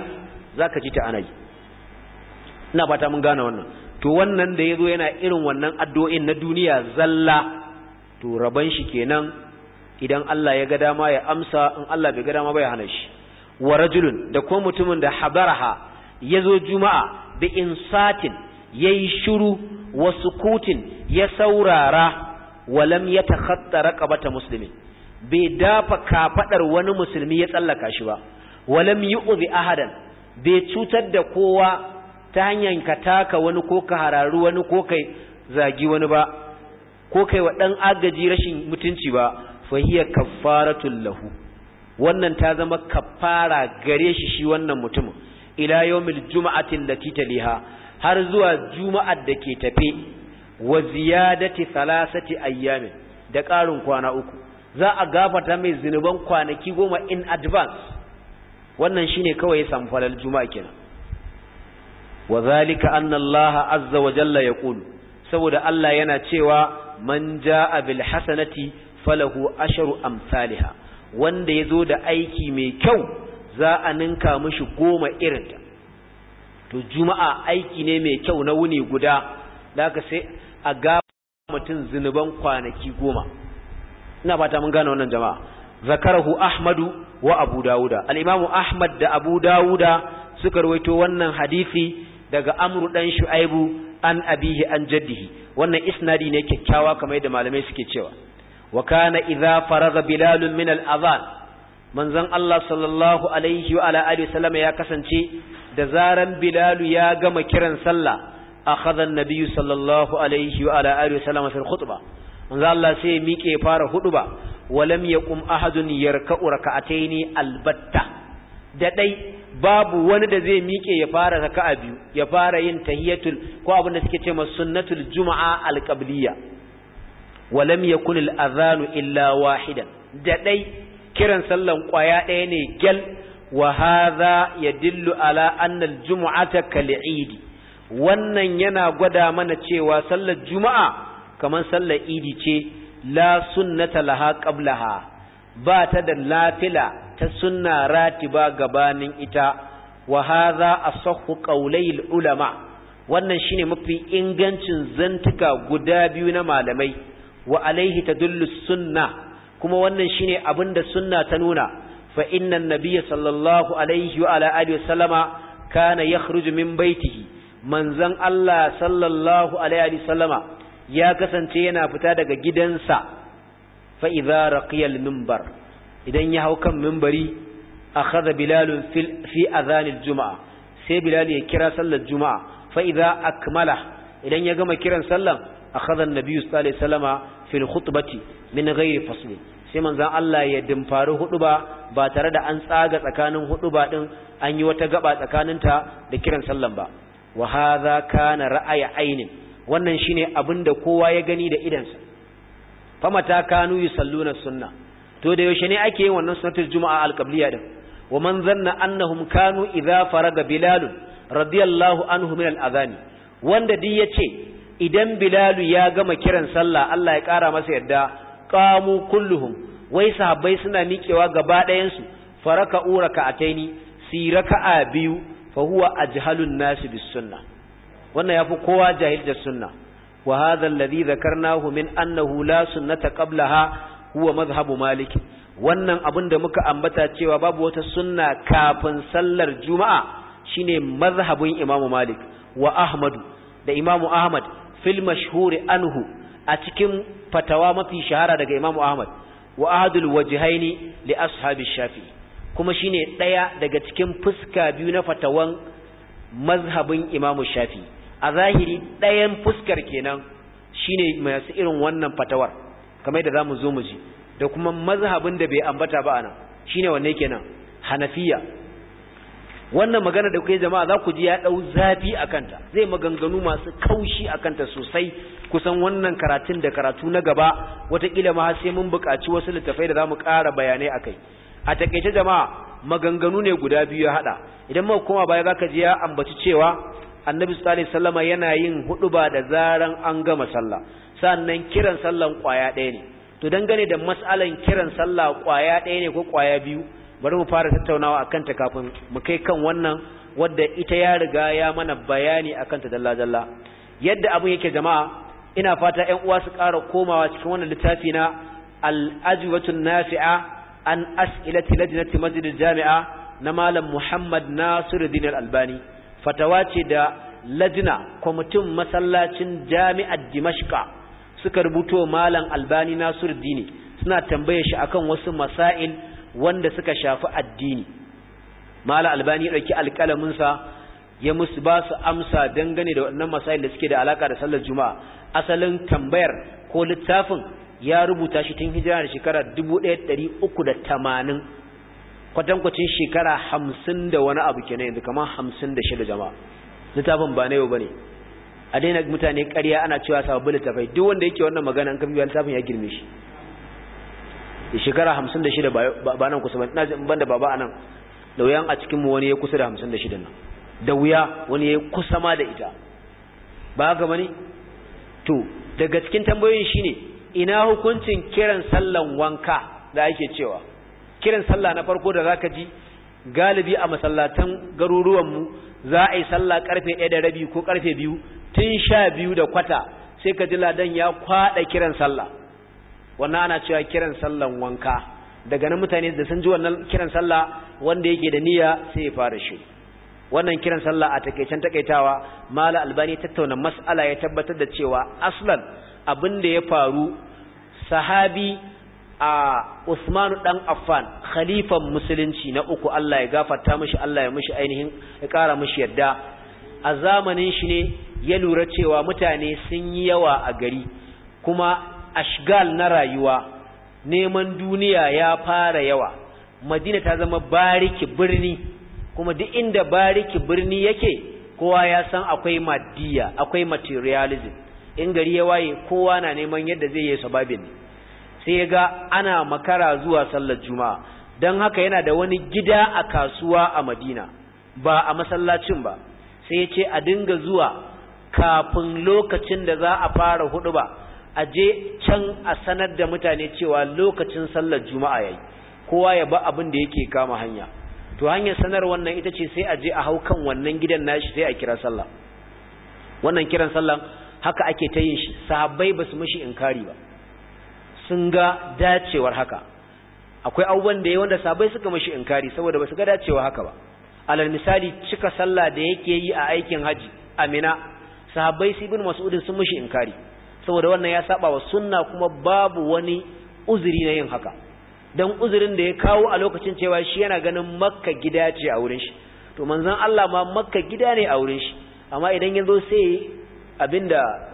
Speaker 1: zaka ji ta ana ina fata mun gane wannan to wannan da yazo yana irin wannan addu'o'in na duniya zalla to raban shi kenan idan Allah ya ga dama ya amsa in Allah bai ga dama ba ya hana shi wa rajulun da ko mutumin da habaraha yazo juma'a bi insatin yayi shiru wa sukutin ya saurara wa lam yatakhatta raqabata muslimin bai dafa kafadar wani musulmi ya tsallaka shi ba walam yu'zi ahadan bai cutar da kowa ta hanyar ka taka wani ko ka hararu wani ko kai zagi wani ba ko kai wa dan agaji rashin mutunci ba fa hiya kaffaratul lahu wannan ta zama kaffara gare shi shi wannan mutumin ila yawmil juma'atin lati taliha har zuwa juma'ar da ke tafe wa ziyadati thalathati ayyamin da ƙarin kwana uku za a gafata mai zinuban kwanaki goma in advance wannan shine kawai samfalar juma'a kenan wa zalika anna Allah azza wa jalla yaqulu saboda Allah yana cewa man jaa bil hasanati falahu asharu amsalha wanda ya zo da aiki mai kyau za a ninka mashi goma irinta to juma'a aiki ne mai kyau na wuni guda da ka sai a ga mutum zinuban kwanaki goma ina fata mun gane wannan jama'a zakarahu ahmadu wa abu dawuda al ahmad da abu dawuda suka rawaito wannan hadisi daga amru dan shu'aibu an abihi an jaddihi wannan isnadi ne kyakkyawa kamar yadda malamai suke cewa wa kana idza faraga bilal min al-adhan manzon Allah sallallahu alaihi wa ala alihi sallama ya kasance da zaran bilal ya gama kiran sallah akhadha an-nabiy sallallahu alaihi wa ala alihi sallama fil khutbah manzo Allah sai ya miƙe fara huduba walam yaqum ahadun yarka'u raka'ataini albatta da dai babu wani da zai miƙe ya fara raka'a biyu ya fara yin tahiyatul ko abin da suke ce ma sunnatul juma'a alqabliya walam yakun al'adhanu illa wahidan da dai kiran sallan kwaya ɗaya ne gyal wa hadha yadullu ala anna al-jum'ata kal'idi wannan yana gwada mana cewa sallar juma'a kamar sallar idi ce la sunnata laha qablaha ba ta da lafila ta sunna ratiba gabanin ita wa hadha asahhu qawlayil ulama wannan shine mafi ingancin zantuka guda biyu na malamai wa alaihi tadullu sunna kuma wannan shine abinda sunna ta nuna fa inna nabiyya sallallahu alaihi wa ala alihi wasallama kana yakhruju min baitihi manzon Allah sallallahu alaihi wasallama ya kasance yana fita daga gidansa fa idza raqiya idan ya hau kan a akhadha Bilalun fi adhan al sai bilal ya kira sallar juma'a fa akmala idan ya gama kiran sallar a an-nabi biyu alaihi wasallama fi al min gairi fasl sai manzan Allah ya dimfari huduba ba tare da an tsaga tsakanin ba din an yi wata gaba tsakaninta da kiran sallar ba wa hadha kana ra'ayi ainin wannan shine abin da kowa ya gani da idansa famata kanu yusalluna sunna to da yaushe ne ake yin wannan sunnatul juma'a alqabliya din wa man zanna annahum kanu idza ga bilal radiyallahu anhu min al'azani. wanda duk yace idan bilal ya gama kiran sallah Allah ya kara masa yadda qamu kulluhum wai sahabbai suna miƙewa gaba ɗayan su faraka uraka ataini si raka'a biyu fa huwa ajhalun nasi bis sunnah wannan ya fi kowa jahil da sunna wa hadha alladhi dhakarnahu min annahu la sunnata qablaha huwa madhhabu malik wannan abin da muka ambata cewa babu wata sunna kafin sallar juma'a shine mazhabin imamu malik wa ahmadu da imamu ahmad fil mashhuri anhu a cikin fatawa mafi shahara daga imamu ahmad wa ahadul wajhaini li ashabi shafi kuma shine daya daga cikin fuska biyu na fatawan mazhabin imamu shafi a zahiri ɗayan fuskar kenan shine masu irin wannan fatawar kamar da zamu zo mu ji da kuma mazhabin da bai ambata ba anan shine wanne kenan hanafiya wannan magana da kai jama'a za ku ji ya ɗau zafi a kanta, zai maganganu masu kaushi akanta sosai kusan wannan karatun da karatu na gaba wataƙila ma sai mun buƙaci wasu littafai da zamu ƙara bayanai a kai. a taƙaice jama'a maganganu ne guda biyu ya haɗa, idan muka koma baya zaka ji ya ambaci cewa annabi sallallahu alaihi wasallama yana yin ba da zaran an gama sallah sannan kiran sallan kwaya ɗaya ne to dangane da mas'alan kiran sallah kwaya ɗaya ne ko kwaya biyu bari mu fara tattaunawa akan ta kafin mu kai kan wannan wadda ita ya riga ya mana bayani akan ta dalla dalla yadda abu yake jama'a ina fata ƴan uwa su ƙara komawa cikin wannan littafi na al nafi'a an as'ilati lajnati masjidil jami'a na malam Muhammad Nasiruddin Al-Albani fatawa ce da lajina kwamitin masallacin jami'ar dimashka suka rubuto malam albani nasur dini suna tambaye shi akan wasu masail wanda suka shafi addini malam albani ya ɗauki alƙalaminsa ya musu ba su amsa dangane da wannan masail da suke da alaƙa da sallar juma'a asalin tambayar ko littafin ya rubuta shi tun hijira da shekara 1380 kwatankwacin shekara hamsin da wani abu kenan yanzu kamar hamsin da shida jama'a littafin ba na yau ba ne a daina mutane karya ana cewa sababbin littafai duk wanda yake wannan magana an kafi wa littafin ya girme shi da shekara hamsin da shida ba nan kusa ba ban da baba a nan da wuyan a cikinmu wani ya kusa da hamsin da shida nan da wuya wani ya kusa ma da ita ba haka ba ne to daga cikin tambayoyin shine ina hukuncin kiran sallan wanka da ake cewa kiran sallah na farko da zaka ji galibi a masallatan garuruwanmu za a yi sallah karfe 1 da rabi ko karfe 2 tun 12 da kwata sai ka ji ladan ya kwada kiran sallah wannan ana cewa kiran sallan wanka daga nan mutane da sun ji wannan kiran sallah wanda yake da niyya sai ya fara shi wannan kiran sallah a takeicen takaitawa mala albani tattauna mas'ala ya tabbatar da cewa aslan abin da ya faru sahabi a Usmanu dan Affan khalifan musulunci na uku Allah ya gafarta mishi Allah ya mishi ainihin ya kara mishi yadda a zamanin shi ne ya lura cewa mutane sun yi yawa a gari kuma ashgal na rayuwa neman duniya ya fara yawa Madina ta zama bariki birni kuma duk inda bariki birni yake kowa ya san akwai madiya, akwai materialism in gari ya waye kowa na neman yadda zai yi sababin sai ya ga ana makara zuwa sallar juma'a don haka yana da wani gida a kasuwa a madina ba a masallacin ba sai ya ce a dinga zuwa kafin lokacin da za a fara hudu ba a je can a sanar da mutane cewa lokacin sallar juma'a yayi kowa ya ba abin da yake kama hanya to hanyar sanar wannan ita ce sai a je a hau kan wannan gidan nashi sai a kira sallah wannan kiran sallah haka ake ta yin shi sahabbai basu mishi inkari ba sun ga dacewar haka akwai abubuwan da yawan wanda sabai suka mashi inkari saboda ba su ga dacewa haka ba alal misali cika sallah da yake yi a aikin haji amina sahabbai su ibn mas'ud sun mashi inkari saboda wannan ya saba wa sunna kuma babu wani uzuri na yin haka dan uzurin da ya kawo a lokacin cewa shi yana ganin makka gida ce a wurin shi to manzon Allah ma makka gida ne a wurin shi amma idan yazo sai abinda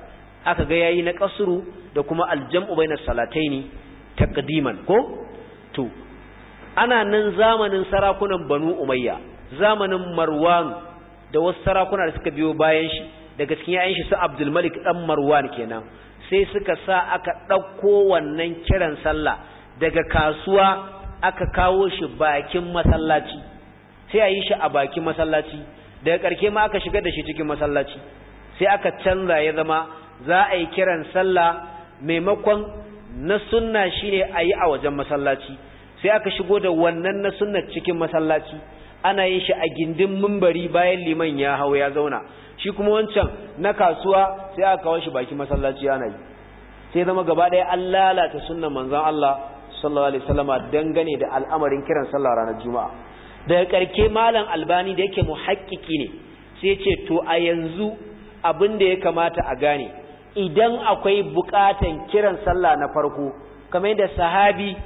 Speaker 1: aka ga yayi na kasru da kuma aljam'u bainas salataini taqdiman ko to ana nan zamanin sarakunan banu umayya zamanin marwan da wasu sarakuna da suka biyo bayan shi daga cikin yayin shi su abdul malik dan marwan kenan sai suka sa aka ɗauko wannan kiran sallah daga kasuwa aka kawo shi bakin masallaci sai ayi shi a bakin masallaci daga karke ma aka shiga da shi cikin masallaci sai aka canza ya zama za a yi kiran sallah maimakon na sunna shine a yi a wajen masallaci sai aka shigo da wannan na sunna cikin masallaci ana yin shi a gindin mimbari bayan liman ya hau ya zauna shi kuma wancan na kasuwa sai aka kawo shi baki masallaci ana yi sai zama gaba ɗaya an lalata sunnan manzon Allah sallallahu alaihi wasallam dangane da al'amarin kiran sallah ranar juma'a daga karke malam albani da yake muhakkiki ne sai ce to a yanzu abin da ya kamata a gane idan akwai bukatan kiran sallah na farko kamar yadda sahabi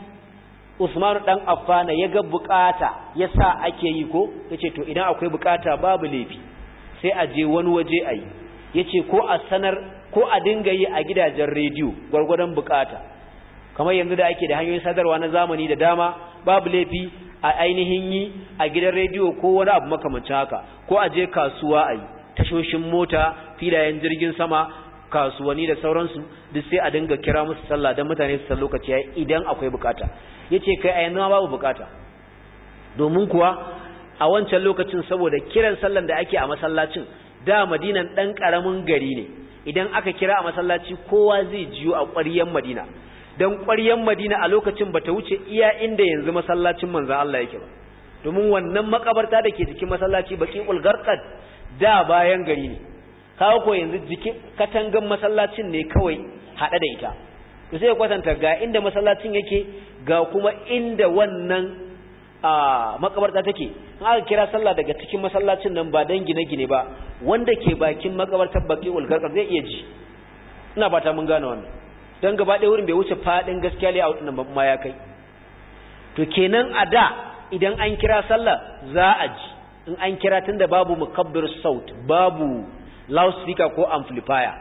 Speaker 1: Usman dan Affana ya ga bukata yasa ake yi ko yace to idan akwai bukata babu laifi sai a je wani waje ayi yace ko a sanar ko a dinga yi a gidajen rediyo gwargwadon bukata kamar yanzu da ake da hanyoyin sadarwa na zamani da dama babu laifi a ainihin yi a gidan rediyo ko wani abu makamancin haka ko a je kasuwa ayi tashoshin mota filayen jirgin sama kasuwanni da sauransu duk sai a dinga kira musu sallah don mutane su san lokaci idan akwai bukata yace kai a yanzu ma babu bukata domin kuwa a wancan lokacin saboda kiran sallan da ake a masallacin da madinan dan karamin gari ne idan aka kira a masallaci kowa zai jiyo a ƙwaryen madina don ƙwaryen madina a lokacin ba ta wuce iya inda yanzu masallacin manzan Allah yake ba domin wannan makabarta da ke jikin masallaci baki ulgarkar da bayan gari ne kawo ko yanzu jikin katangan masallacin ne kawai haɗe da ita to sai kwatanta ga inda masallacin yake ga kuma inda wannan a makabarta take in aka kira sallah daga cikin masallacin nan ba dan gine-gine ba wanda ke bakin makabartar baki ulgarkar zai iya ji ina fata mun gane wannan dan gaba ɗaya wurin bai wuce faɗin gaskiya layout nan ma ya kai to kenan a da idan an kira sallah za a ji in an kira tunda babu mukabbir saut babu loudspeaker ko amplifier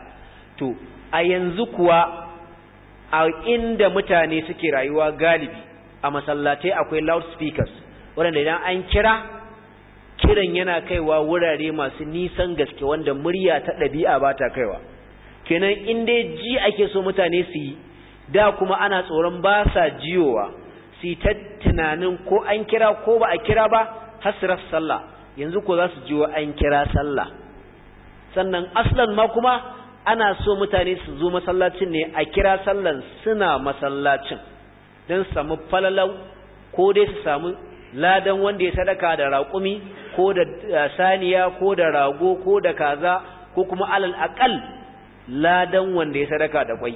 Speaker 1: to a yanzu kuwa a inda mutane suke rayuwa galibi a masallatai akwai loudspeakers wanda idan an kira kiran yana kaiwa wurare masu nisan gaske wanda murya ta ɗabi'a ba ta kaiwa kenan inda ji ake so mutane su yi da kuma ana tsoron ba sa jiyowa su ta tunanin ko an kira ko ba a kira ba hasirar sallah yanzu ko za su jiwo an kira sallah sannan aslan ma kuma ana so mutane su zo masallacin ne a kira sallan suna masallacin don samu falalau ko dai su samu ladan wanda ya sadaka da raƙumi ko da eh, saniya ko da rago ko da kaza ko kuma alal Akal, ladan wanda ya sadaka da kwai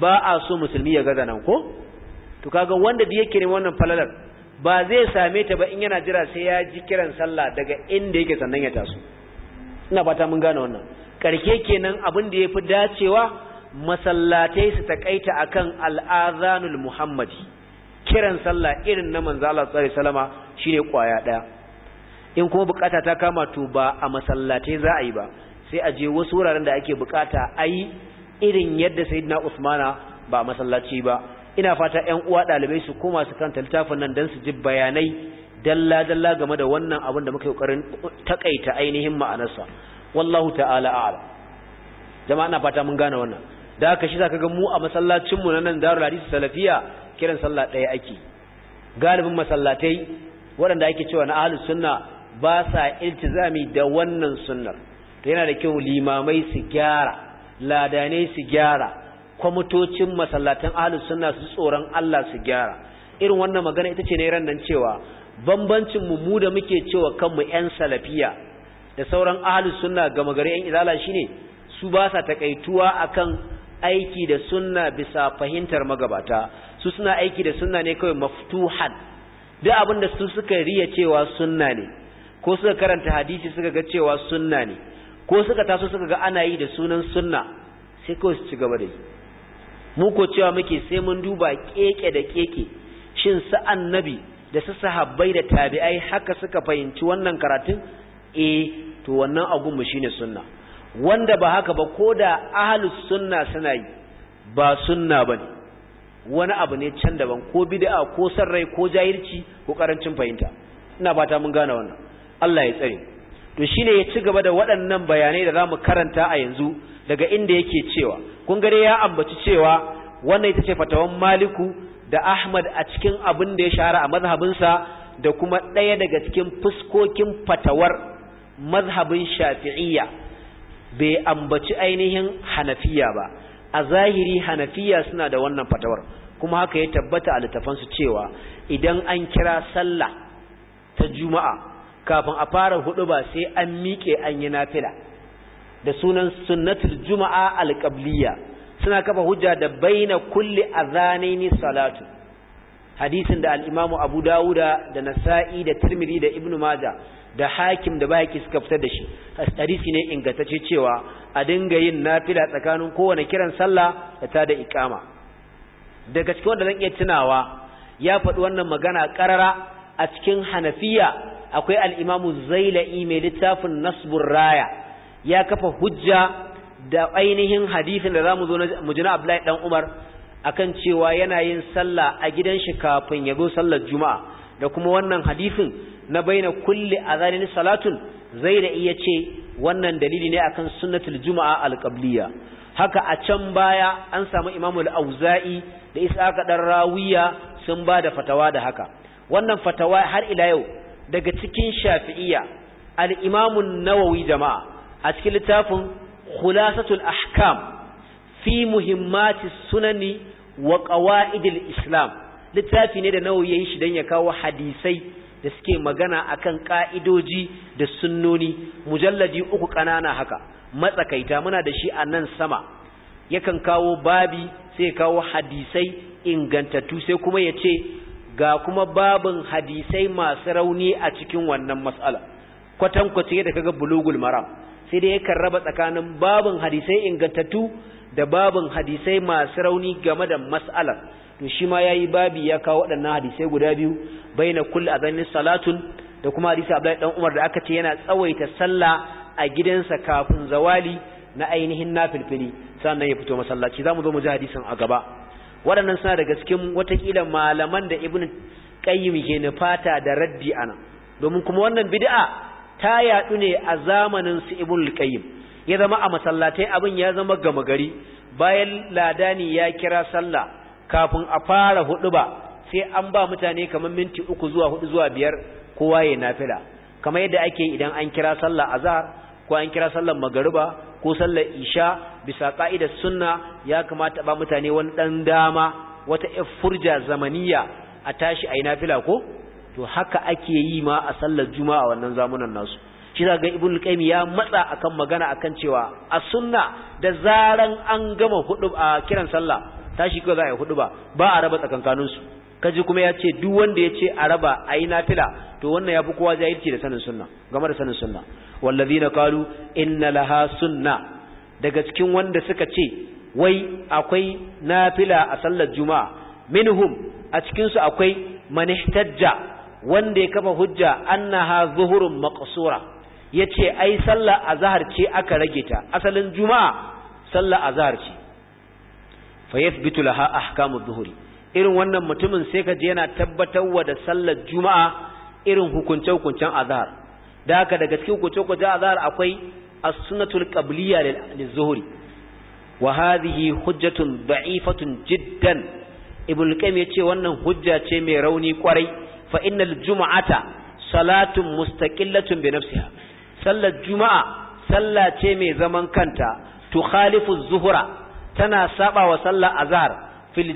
Speaker 1: ba a so musulmi ya gaza nan ko to kaga wanda da yake ne wannan falalar ba zai same ta ba in yana jira sai ya ji kiran sallah daga inda yake sannan ya taso ina fata mun gane wannan karke kenan abin da yafi dacewa masallatai su takaita akan al'azanul muhammadi kiran sallah irin na manzo Allah sallallahu alaihi wasallama shine kwaya daya in kuma bukata ta kama to ba a masallatai za a yi ba sai a je wasu wuraren da ake bukata a irin yadda sayyidina Usmana ba masallaci ba ina fata ƴan uwa dalibai su koma su karanta littafin nan dan su ji bayanai dalla dalla game da wannan abin da muka yi ƙoƙarin takaita ainihin ma'anarsa wallahu ta'ala a'lam jama'a na fata mun gane wannan da haka shi zaka ga mu a masallacin mu na nan Darul Hadith Salafiya kiran sallah ɗaya ake galibin masallatai waɗanda ake cewa na ahlus sunna ba sa iltizami da wannan sunnar to yana da kyau limamai su gyara ladanai su gyara kwamitocin masallatan ahlus sunna su tsoron Allah su gyara irin wannan magana ita ce ne ran nan cewa bambancin mu mu da muke cewa kanmu ƴan salafiya da sauran ahlus sunna gama gari ƴan izala shine su ba sa takaituwa akan aiki da sunna bisa fahimtar magabata su suna aiki da sunna ne kawai maftuhan duk abin da su suka riya cewa sunna ne ko suka karanta hadisi suka ga cewa sunna ne ko suka taso suka ga ana yi da sunan sunna sai kawai su ci gaba da yi mu ko cewa muke sai mun duba keke da keke shin sa'an annabi da su sahabbai da tabi'ai haka suka fahimci wannan karatun eh to wannan abun mu shine sunna wanda ba haka ba ko da ahlus sunna suna yi ba sunna bane wani abu ne can daban ko bid'a ko sarrai ko jahilci ko karancin fahimta ina fata mun gane wannan Allah ya tsare to shine ya ci gaba da waɗannan bayanai da zamu karanta a yanzu daga inda yake cewa kun gare ya ambaci cewa wannan ita ce fatawan maliku da Ahmad a cikin abin da ya shahara a mazhabinsa da kuma ɗaya daga cikin fuskokin fatawar mazhabin shafi'iyya bai ambaci ainihin hanafiya ba a zahiri hanafiya suna da wannan fatawar kuma haka ya tabbata a littafansu cewa idan an kira sallah ta juma'a kafin a fara hudu ba sai an miƙe an yi nafila da sunan sunnatul juma'a alƙabliya suna kafa hujja da baina kulli azanaini salatu hadisin da al-imamu Abu Dawuda da Nasa'i da Tirmidhi da Ibn Majah da Hakim da baki suka fitar da shi hadisi ne ingantacce cewa a dinga yin nafila tsakanin kowane kiran sallah da ta da iqama daga cikin wanda zan iya tunawa ya faɗi wannan magana karara a cikin Hanafiya akwai al-imamu Zaila'i mai littafin Nasbur Raya ya kafa hujja da ainihin hadisin da za mu zo mu ji na Abdullahi dan Umar akan cewa yana yin sallah a gidan shi kafin ya zo sallar juma'a da kuma wannan hadisin na baina kulli azanin salatun zai da iya ce wannan dalili ne akan sunnatul juma'a alqabliya haka a can baya an samu imamul auza'i da isaka dan rawiya sun ba da fatawa da haka wannan fatawa har ila yau daga cikin shafi'iyya al an nawawi jama'a a cikin littafin khulasatul ahkam fi muhimmati sunani wa qawaidil islam littafi ne da nawawi yayi shi dan ya kawo hadisai da suke magana akan ƙa'idoji da sunnoni mujalladi uku ƙanana haka matsakaita muna da shi a nan sama yakan kawo babi sai ya kawo hadisai ingantattu sai kuma ya ce ga kuma babin hadisai masu rauni a cikin wannan matsala kwatankwacin da kaga bulugul maram sai dai yakan raba tsakanin babin hadisai ingantattu da babin hadisai masu rauni game da mas'alar to shi ma yayi babi ya kawo waɗannan hadisai guda biyu baina kull adhanin salatun da kuma hadisi Abdullahi dan Umar da aka ce yana tsawaita sallah a gidansa kafin zawali na ainihin nafilfili sannan ya fito masallaci zamu zo mu ji hadisin a gaba waɗannan suna daga cikin watakila malaman da Ibn Qayyim ke nufata da raddi ana domin kuma wannan bid'a ta yadu ne a zamanin su ibnul qayyim ya zama a masallatai abin ya zama gama gari bayan ladani ya kira sallah kafin a fara huduba sai an ba mutane kamar minti uku zuwa hudu zuwa biyar kowa ya nafila kamar yadda ake idan an kira sallah azhar ko an kira sallar magariba ko sallar isha bisa ka'idar sunna ya kamata ba mutane wani dan dama wata furja zamaniya a tashi ayi nafila ko to haka ake yi ma a sallar juma'a wannan zamunan nasu shi ga ibn qayyim ya matsa akan magana akan cewa a sunna da zaran an gama hudu a kiran sallah tashi ko za a yi hudu ba ba a raba tsakankanin su kaji kuma ya ce duk wanda ya ce a raba a yi nafila to wannan ya fi kowa jahilci da sanin sunna game da sanin sunna na qalu inna laha sunna daga cikin wanda suka ce wai akwai nafila a sallar juma'a minhum a cikin su akwai man wanda ya kafa hujja annaha zuhurun maqsura yace ai sallar azhar ce aka rage ta asalin juma'a sallar azhar ce fa yathbitu laha ahkamu dhuhri irin wannan mutumin sai kaje yana tabbatar wa da sallar juma'a irin hukunce hukuncen azhar da haka daga cikin hukunce hukuncen azhar akwai as-sunnatul qabliya lil zuhri wa hadhihi hujjatun da'ifatun jiddan ibnu qayyim yace wannan hujja ce mai rauni kwarai fa innal juma'ata salatun mustaqillatun bi sallar juma'a salla ce mai zaman kanta tukhalifu zuhura tana saɓawa wa sallar azhar fil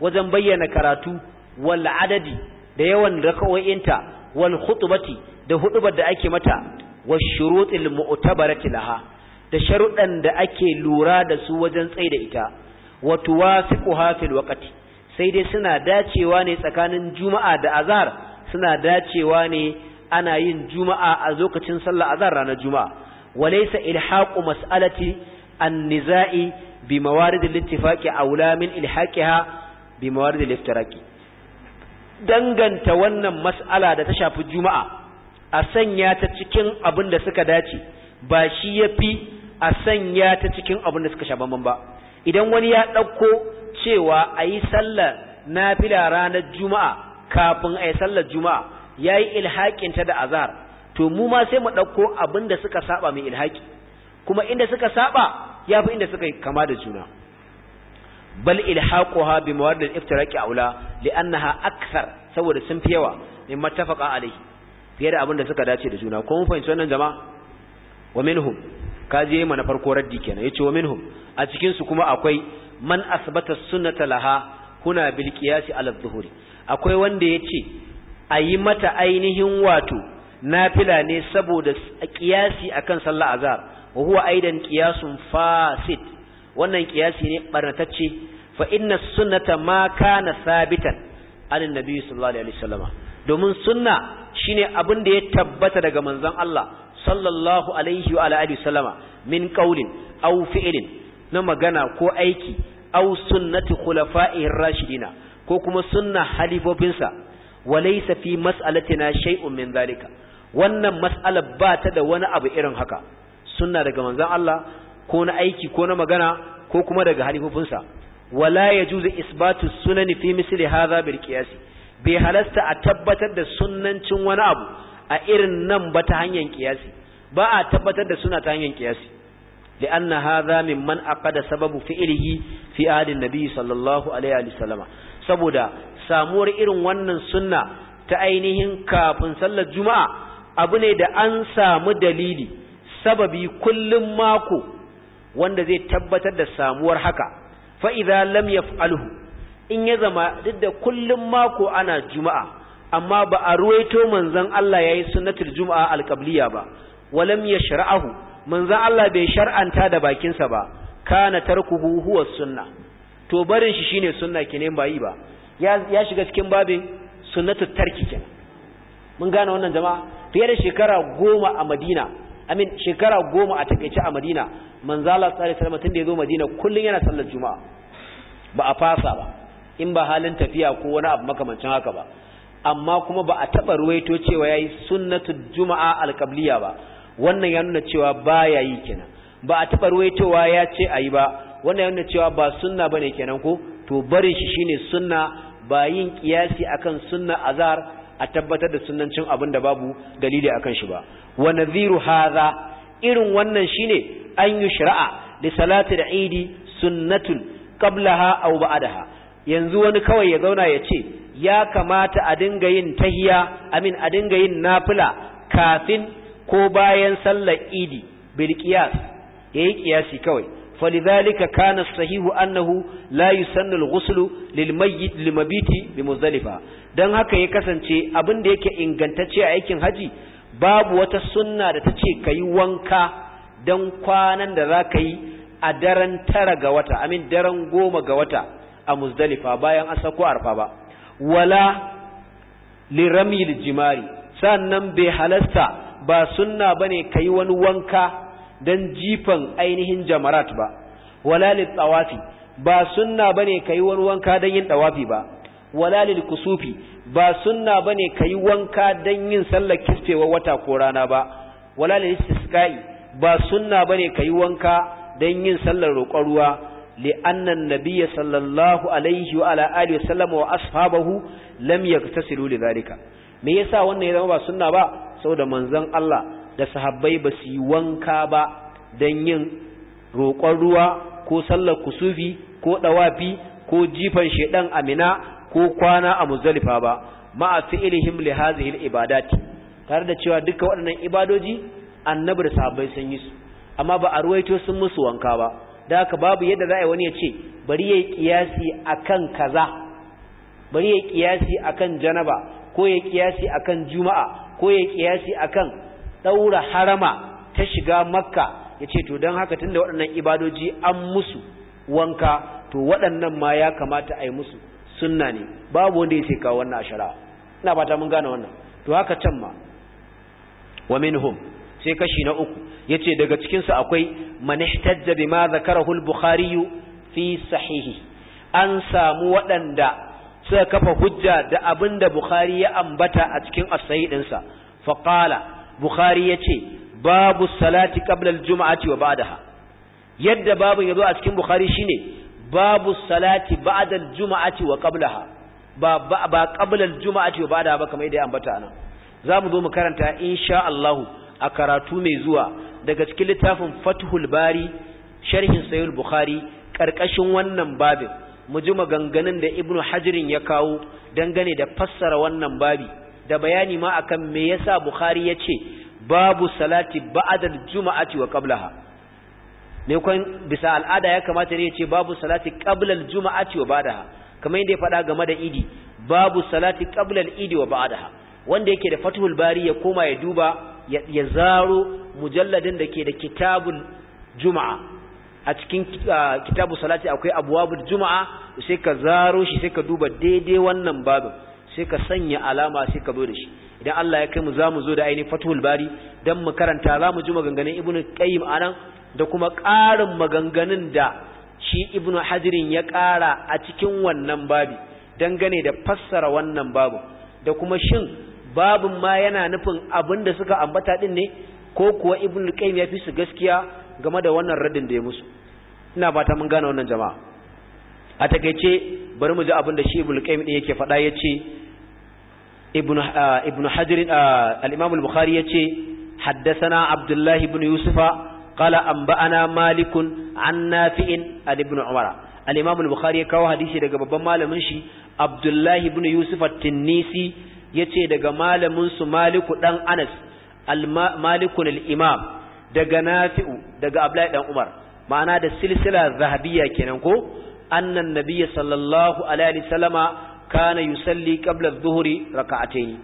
Speaker 1: wajen bayyana karatu wal'adadi da yawan raka'o'inta wal da hudubar da ake mata wa shurutil mu'tabarati da sharuɗan da ake lura da su wajen tsaida ita wa tuwasiquha fil waqti sai dai suna dacewa ne tsakanin juma'a da azar suna dacewa ne ana yin juma'a a lokacin sallah azar ranar juma'a walaysa ilhaqu mas'alati an-niza'i bi mawarid al-ittifaqi aula min ilhaqiha bi mawarid al-iftiraqi danganta wannan mas'ala da ta shafi juma'a a sanya ta cikin abin da suka dace ba shi yafi a sanya ta cikin abin da suka shafi ba idan wani ya dauko cewa a yi sallar na fila ranar juma'a kafin a yi sallar juma'a ya yi ilhaƙinta da azar to mu ma sai mu ɗauko abin da suka saba mai ilhaƙi kuma inda suka saba ya fi inda suka yi kama da juna bal ha bi mawadil iftiraqi aula li'annaha akthar saboda sun fi yawa ne mattafaqa alayhi fiye da abin da suka dace da juna ko mun fahimci wannan jama'a wa minhum kaje mana farko raddi kenan yace wa minhum a cikin su kuma akwai man asbata sunnata laha huna bil qiyasi ala dhuhri akwai wanda yace ayi mata ainihin wato nafila ne saboda qiyasi akan sallar azhar wa huwa aidan qiyasun fasid wannan qiyasi ne barnatacce fa inna sunnata ma kana sabitan an nabi sallallahu alaihi wasallama domin sunna shine abin da ya tabbata daga manzon Allah sallallahu alaihi wa alihi wasallama min qaulin aw fi'lin na magana ko aiki aw sunnati khulafa'ir rashidina ko kuma sunna halifofinsa walaysa fi mas'alatina shay'un min zalika wannan mas'ala ba ta da wani abu irin haka sunna daga manzon Allah ko na aiki ko na magana ko kuma daga halifofinsa wala yajuzu isbatu sunani fi misli hadha bil qiyas bai halasta a tabbatar da sunnancin wani abu a irin nan ba ta hanyar kiyasi ba a tabbatar da suna ta hanyar kiyasi لأن هذا ممن أقد سبب فعله في آل النبي صلى الله عليه وسلم سبدا سامور إرن ونن سنة تأينهن كافن صلى الجمعة أبني دا أنسى مدليلي سببي كل ماكو wanda zai tabbatar da samuwar haka fa idza lam yaf'alhu in ya zama duk da kullum mako ana juma'a amma ba a ruwaito manzon Allah yayi sunnatul juma'a alqabliya ba walamya yashra'ahu manzo Allah bai shar'anta da bakinsa ba kana tarkuhu huwa sunna to barin shi shine sunna kenan ba yi ba ya shiga cikin babin sunnatu tarki kenan mun gane wannan jama'a fiye da shekara goma a Madina amin shekara goma a takeice a Madina manzo Allah sallallahu alaihi wasallam tun da ya zo Madina kullun yana sallar juma'a ba a fasa ba in ba halin tafiya ko wani abu makamancin haka ba amma kuma ba a taɓa ruwaito cewa yayi yi sunnatul juma'a alƙabliya ba wannan ya nuna cewa baya yi kenan ba a taɓa ruwaitowa ya ce a yi ba wannan ya nuna cewa ba sunna ba ne kenan ko to barin shi shine sunna ba yin kiyasi akan sunna azar a tabbatar da sunnancin abin da babu dalili akan shi ba wa nadhiru hadha irin wannan shine an yi shari'a li salati al-eid sunnatun qablaha aw ba'daha yanzu wani kawai ya zauna ya ce ya kamata a dinga yin tahiya amin a dinga yin nafila kafin ko bayan sallar idi bil qiyas yayi qiyasi kawai فلذلك كان sahihu أنه لا يسن الغسل للميت bi muzdalifa dan haka ya kasance abin da yake ingantacce a aikin haji babu wata sunna da ta ce ka wanka dan kwanan da za ka yi a daren tara ga wata amin daren goma ga wata a muzdalifa bayan an sako arfa ba wala liramil jimari sannan bai halasta ba sunna bane kai wani wanka dan jifan ainihin jamarat ba wala ba tawafi ba sunna bane kai wani wanka dan yin tawafi ba wala lil kusufi ba sunna bane kai wanka dan yin sallar kisfewa wata ko rana ba wala lil istisqai ba sunna bane kai wanka dan yin sallar roƙon ruwa لأن النبي wa الله عليه وعلى آله وسلم وأصحابه لم me yasa wannan ya zama ba sunna ba saboda manzon Allah da sahabbai ba su yi wanka ba don yin roƙon ruwa ko sallar kusufi ko ɗawafi ko jifan shaidan amina ko kwana a muzalifa ba ma'a fi'ilihim li hadhihi al-ibadati tare da cewa duka waɗannan ibadoji annabi da sahabbai sun yi su amma ba a ruwaito sun musu wanka ba da haka babu yadda za a yi wani ya ce bari yayi kiyasi akan kaza bari yayi kiyasi akan janaba ko yayi kiyasi akan juma'a ko ya kiyasi akan daura harama ta shiga makka ya ce to don haka tunda waɗannan ibadoji an musu wanka to waɗannan ma ya kamata a yi musu sunna ne babu wanda ya ce kawo wannan ashara ina fata mun gane wannan to haka can ma wa minhum sai kashi na uku yace daga cikin su akwai man ihtajja bima zakarahu al-bukhari fi sahihi an samu waɗanda suka kafa hujja da abin da Bukhari ya ambata a cikin as-sahih dinsa fa qala Bukhari yace babu salati qabla al-jum'ati wa ba'daha yadda babu yazo a cikin Bukhari shine babu salati ba'da al-jum'ati wa qablaha ba ba, ba qabla al-jum'ati wa ba'daha ba kamar yadda ya ambata anan zamu zo mu karanta insha Allah a karatu mai zuwa daga cikin littafin Fathul Bari sharhin Sahih Bukhari karkashin wannan babin mu ji maganganun da ibnu hajirin ya kawo dangane da fassara wannan babi da bayani ma akan me yasa bukhari ya ce babu salati ba'adal juma'ati wa qablaha ne kun bisa al'ada ya kamata ne ya ce babu salati al juma'ati wa ba'daha kamar yadda ya faɗa game da idi babu salati ƙablar idi wa ba'daha wanda yake da fathul bari ya koma ya duba ya zaro mujalladin da ke da kitabul juma'a a cikin kitabu salati akwai abuwabul juma'a sai ka zaro shi sai ka duba daidai wannan babin sai ka sanya alama sai ka zo da shi idan Allah ya kai mu zamu zo da ainihin fatul bari dan mu karanta zamu ji maganganun ibnu qayyim anan da kuma ƙarin maganganun da shi ibnu hajirin ya ƙara a cikin wannan babi dangane da fassara wannan babu da kuma shin babin ma yana nufin abin da suka ambata din ne ko kuwa ibnu qayyim ya fi su gaskiya game da wannan radin da ya musu ina fata mun gane wannan jama'a a takaice bari mu ji abin da shi ibnu din yake faɗa yace ibnu ah, ibnu hajar ah, al-imam al-bukhari yace حدثنا Yusufa. الله بن يوسف قال أنبأنا a عن Umar, عن ابن عمر الإمام البخاري كاو daga babban malamin shi Abdullahi ibn Yusuf at-Tinnisi yace daga malamin su Malik dan Anas al-Malik al-Imam daga nafi'u daga abdullahi dan umar ma'ana da silsila zahabiyya kenan ko annan nabiyyi sallallahu alaihi wasallama kana yusalli qabla adh-dhuhri raka'atayn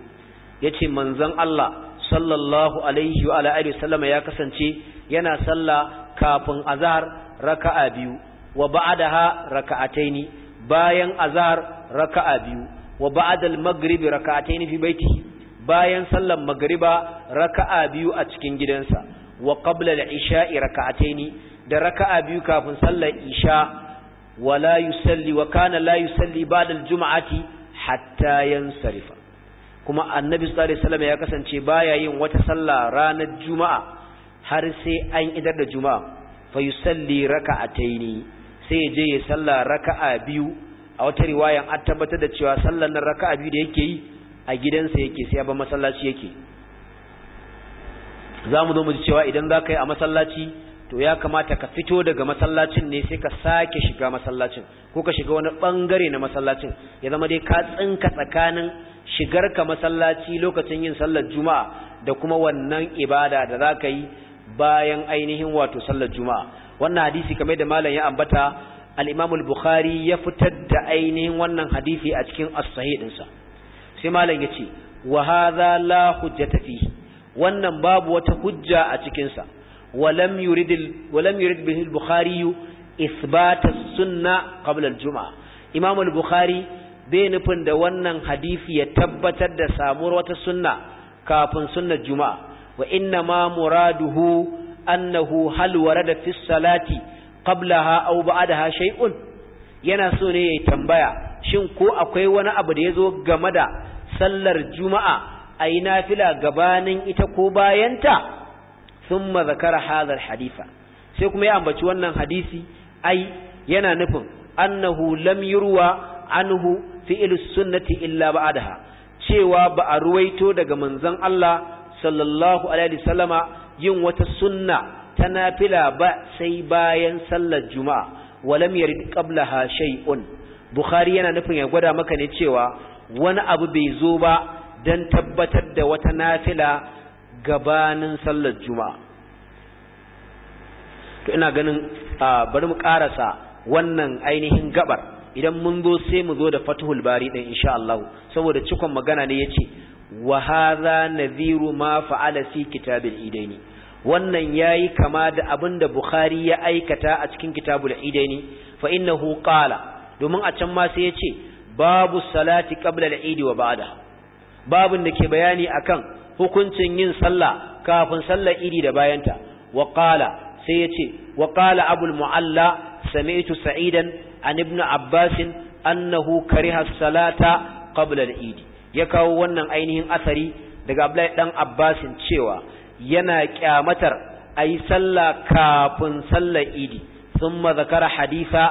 Speaker 1: yace manzon Allah sallallahu alaihi wa alihi wasallama ya kasance yana sallah kafin azhar raka'a biyu wa ba'daha raka'atayn bayan azhar raka'a biyu wa ba'da al-maghrib raka'atayn fi baitihi bayan sallan magriba raka'a biyu a cikin gidansa wa qabla al-isha'i raka'ataini da raka'a biyu kafin sallar isha wala yusalli wa kana la yusalli ba'da al-jum'ati hatta yansarifa kuma annabi sallallahu alaihi wasallam ya kasance baya yin wata sallah ranar juma'a har sai an idar da juma'a fa yusalli raka'ataini sai ya je ya sallah raka'a biyu a wata riwayan an tabbatar da cewa sallar nan raka'a biyu da yake yi a gidansa yake sai ya ba masallaci yake za mu zo mu ji cewa idan za ka yi a masallaci to ya kamata ka fito daga masallacin ne sai ka sake shiga masallacin ko ka shiga wani bangare na masallacin ya zama dai ka tsinka tsakanin shigar ka masallaci lokacin yin sallar juma'a da kuma wannan ibada da za ka yi bayan ainihin wato sallar juma'a wannan hadisi kamar da malam ya ambata al-imam bukhari ya fitar da ainihin wannan hadisi a cikin as-sahih sai malam ya ce wa hadha la hujjata fihi wannan babu wata hujja a cikinsa walam yurid bihi al-bukhari isbata sunna qabla al-jum'a imam al-bukhari bai nufin da wannan hadisi ya tabbatar da samuwar wata sunna kafin sunnar juma'a wa inna ma muraduhu annahu hal warada fi salati qablaha aw ba'daha shay'un yana so ne yayi tambaya shin ko akwai wani abu da yazo game da sallar juma'a a yi nafila gabanin ita ko bayanta sun mazakar hazar hadifa sai kuma ya ambaci wannan hadisi ai yana nufin annahu lam yurwa anhu fi'ilus sunnati illa ba'daha cewa ba a ruwaito daga manzon Allah sallallahu alaihi wasallama yin wata sunna ta nafila ba sai bayan sallar juma'a walam yarid qablaha shay'un bukhari yana nufin ya gwada maka ne cewa wani abu bai zo ba Dan tabbatar da wata nafila gabanin sallar juma'a to ina ganin bari mu karasa wannan ainihin gabar idan mun zo sai mu zo da fatuhul bari din insha Allah saboda cikon magana ne yace wa hadha nadhiru ma fa'ala fi kitabil idaini wannan yayi kama da abinda bukhari ya aikata a cikin kitabul idaini fa innahu qala domin a can ma sai yace babu salati qabla al-eid wa ba'da babin da ke bayani akan hukuncin yin sallah kafin sallar idi da bayanta wa qala sai yace wa qala abul mualla sami'tu sa'idan an ibn abbas annahu kariha salata qabla al-idi ya kawo wannan ainihin asari daga abdullahi dan abbasin cewa yana kyamatar a yi sallah kafin sallar idi sun zakara haditha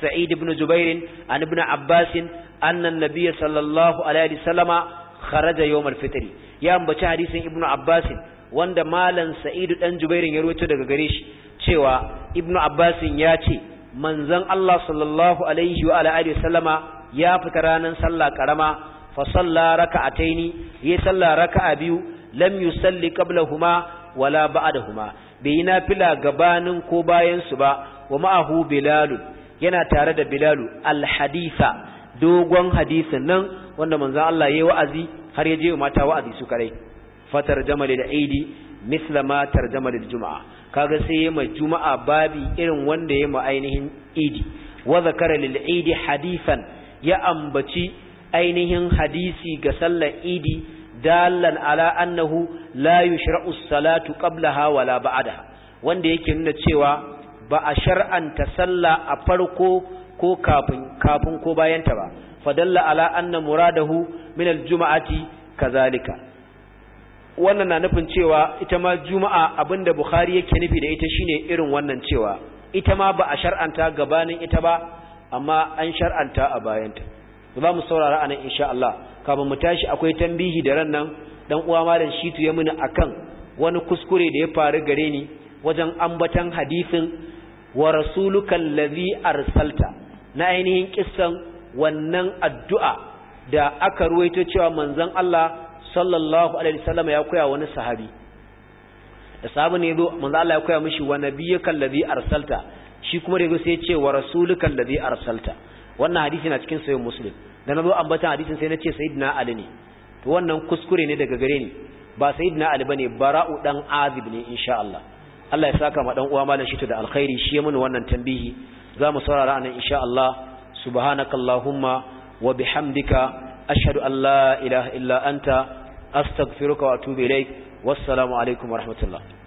Speaker 1: sa'id ibn jubairin an ibn abbasin annan nabiya sallallahu alaihi sallama kharaja yawmal fitri ya ambaci hadisin ibnu abbas wanda malam Sa'idu dan jubairin ya rawaito daga gare shi cewa ibnu abbas ya ce manzon Allah sallallahu alaihi wa alihi sallama ya fita ranan sallah karama fa salla raka'ataini ya salla raka'a biyu lam yusalli qablahuma wala ba'dahuma bai yi nafila gabanin ko bayan su ba wa ma'ahu bilal yana tare da bilal al hadisa dogon hadisin nan wanda manzon Allah yayi wa'azi har ya je mata wa'azi su kare fatar jamal da aidi misla ma tarjama da juma'a kaga sai yayi ma juma'a babi irin wanda yayi ma ainihin idi wa zakara lil aidi hadisan ya ambaci ainihin hadisi ga sallar idi dalan ala annahu la yushra'u salatu qablaha wala ba'daha wanda yake nuna cewa ba a shar'anta sallah a farko ko kafin kafin ko bayanta ba fadalla ala anna muradahu min aljum'ati kazalika wannan na nufin cewa ita ma juma'a abinda bukhari yake nufi da ita shine irin wannan cewa ita ma ba a shar'anta gabanin ita ba amma an shar'anta a bayanta za mu saurara anan insha Allah kafin mu tashi akwai tambihi da rannan nan dan uwa malam Shitu ya muni akan wani kuskure da ya faru gare ni wajen ambatan hadisin wa rasulukal ladhi arsalta na ainihin kissan wannan addu'a da aka ruwaito cewa manzan Allah sallallahu alaihi wasallam ya koya wani sahabi da sahabi ne zo manzan Allah ya koya mishi wa nabiyyakal ladhi arsalta shi kuma da sai ya ce wa rasulikal ladhi arsalta wannan hadisi na cikin sahih musulun da na nazo ambatan hadisin sai na ce sayyidina ali ne to wannan kuskure ne daga gare ni ba sayyidina ali ba ne bara'u dan azib ne insha Allah Allah ya saka ma dan uwa malam shi da alkhairi shi ya mun wannan tambihi za mu saurara nan insha Allah subhanakallahumma wa bihamdika ashhadu an la ilaha illa anta astaghfiruka wa atubu ilaik wassalamu alaikum wa rahmatullah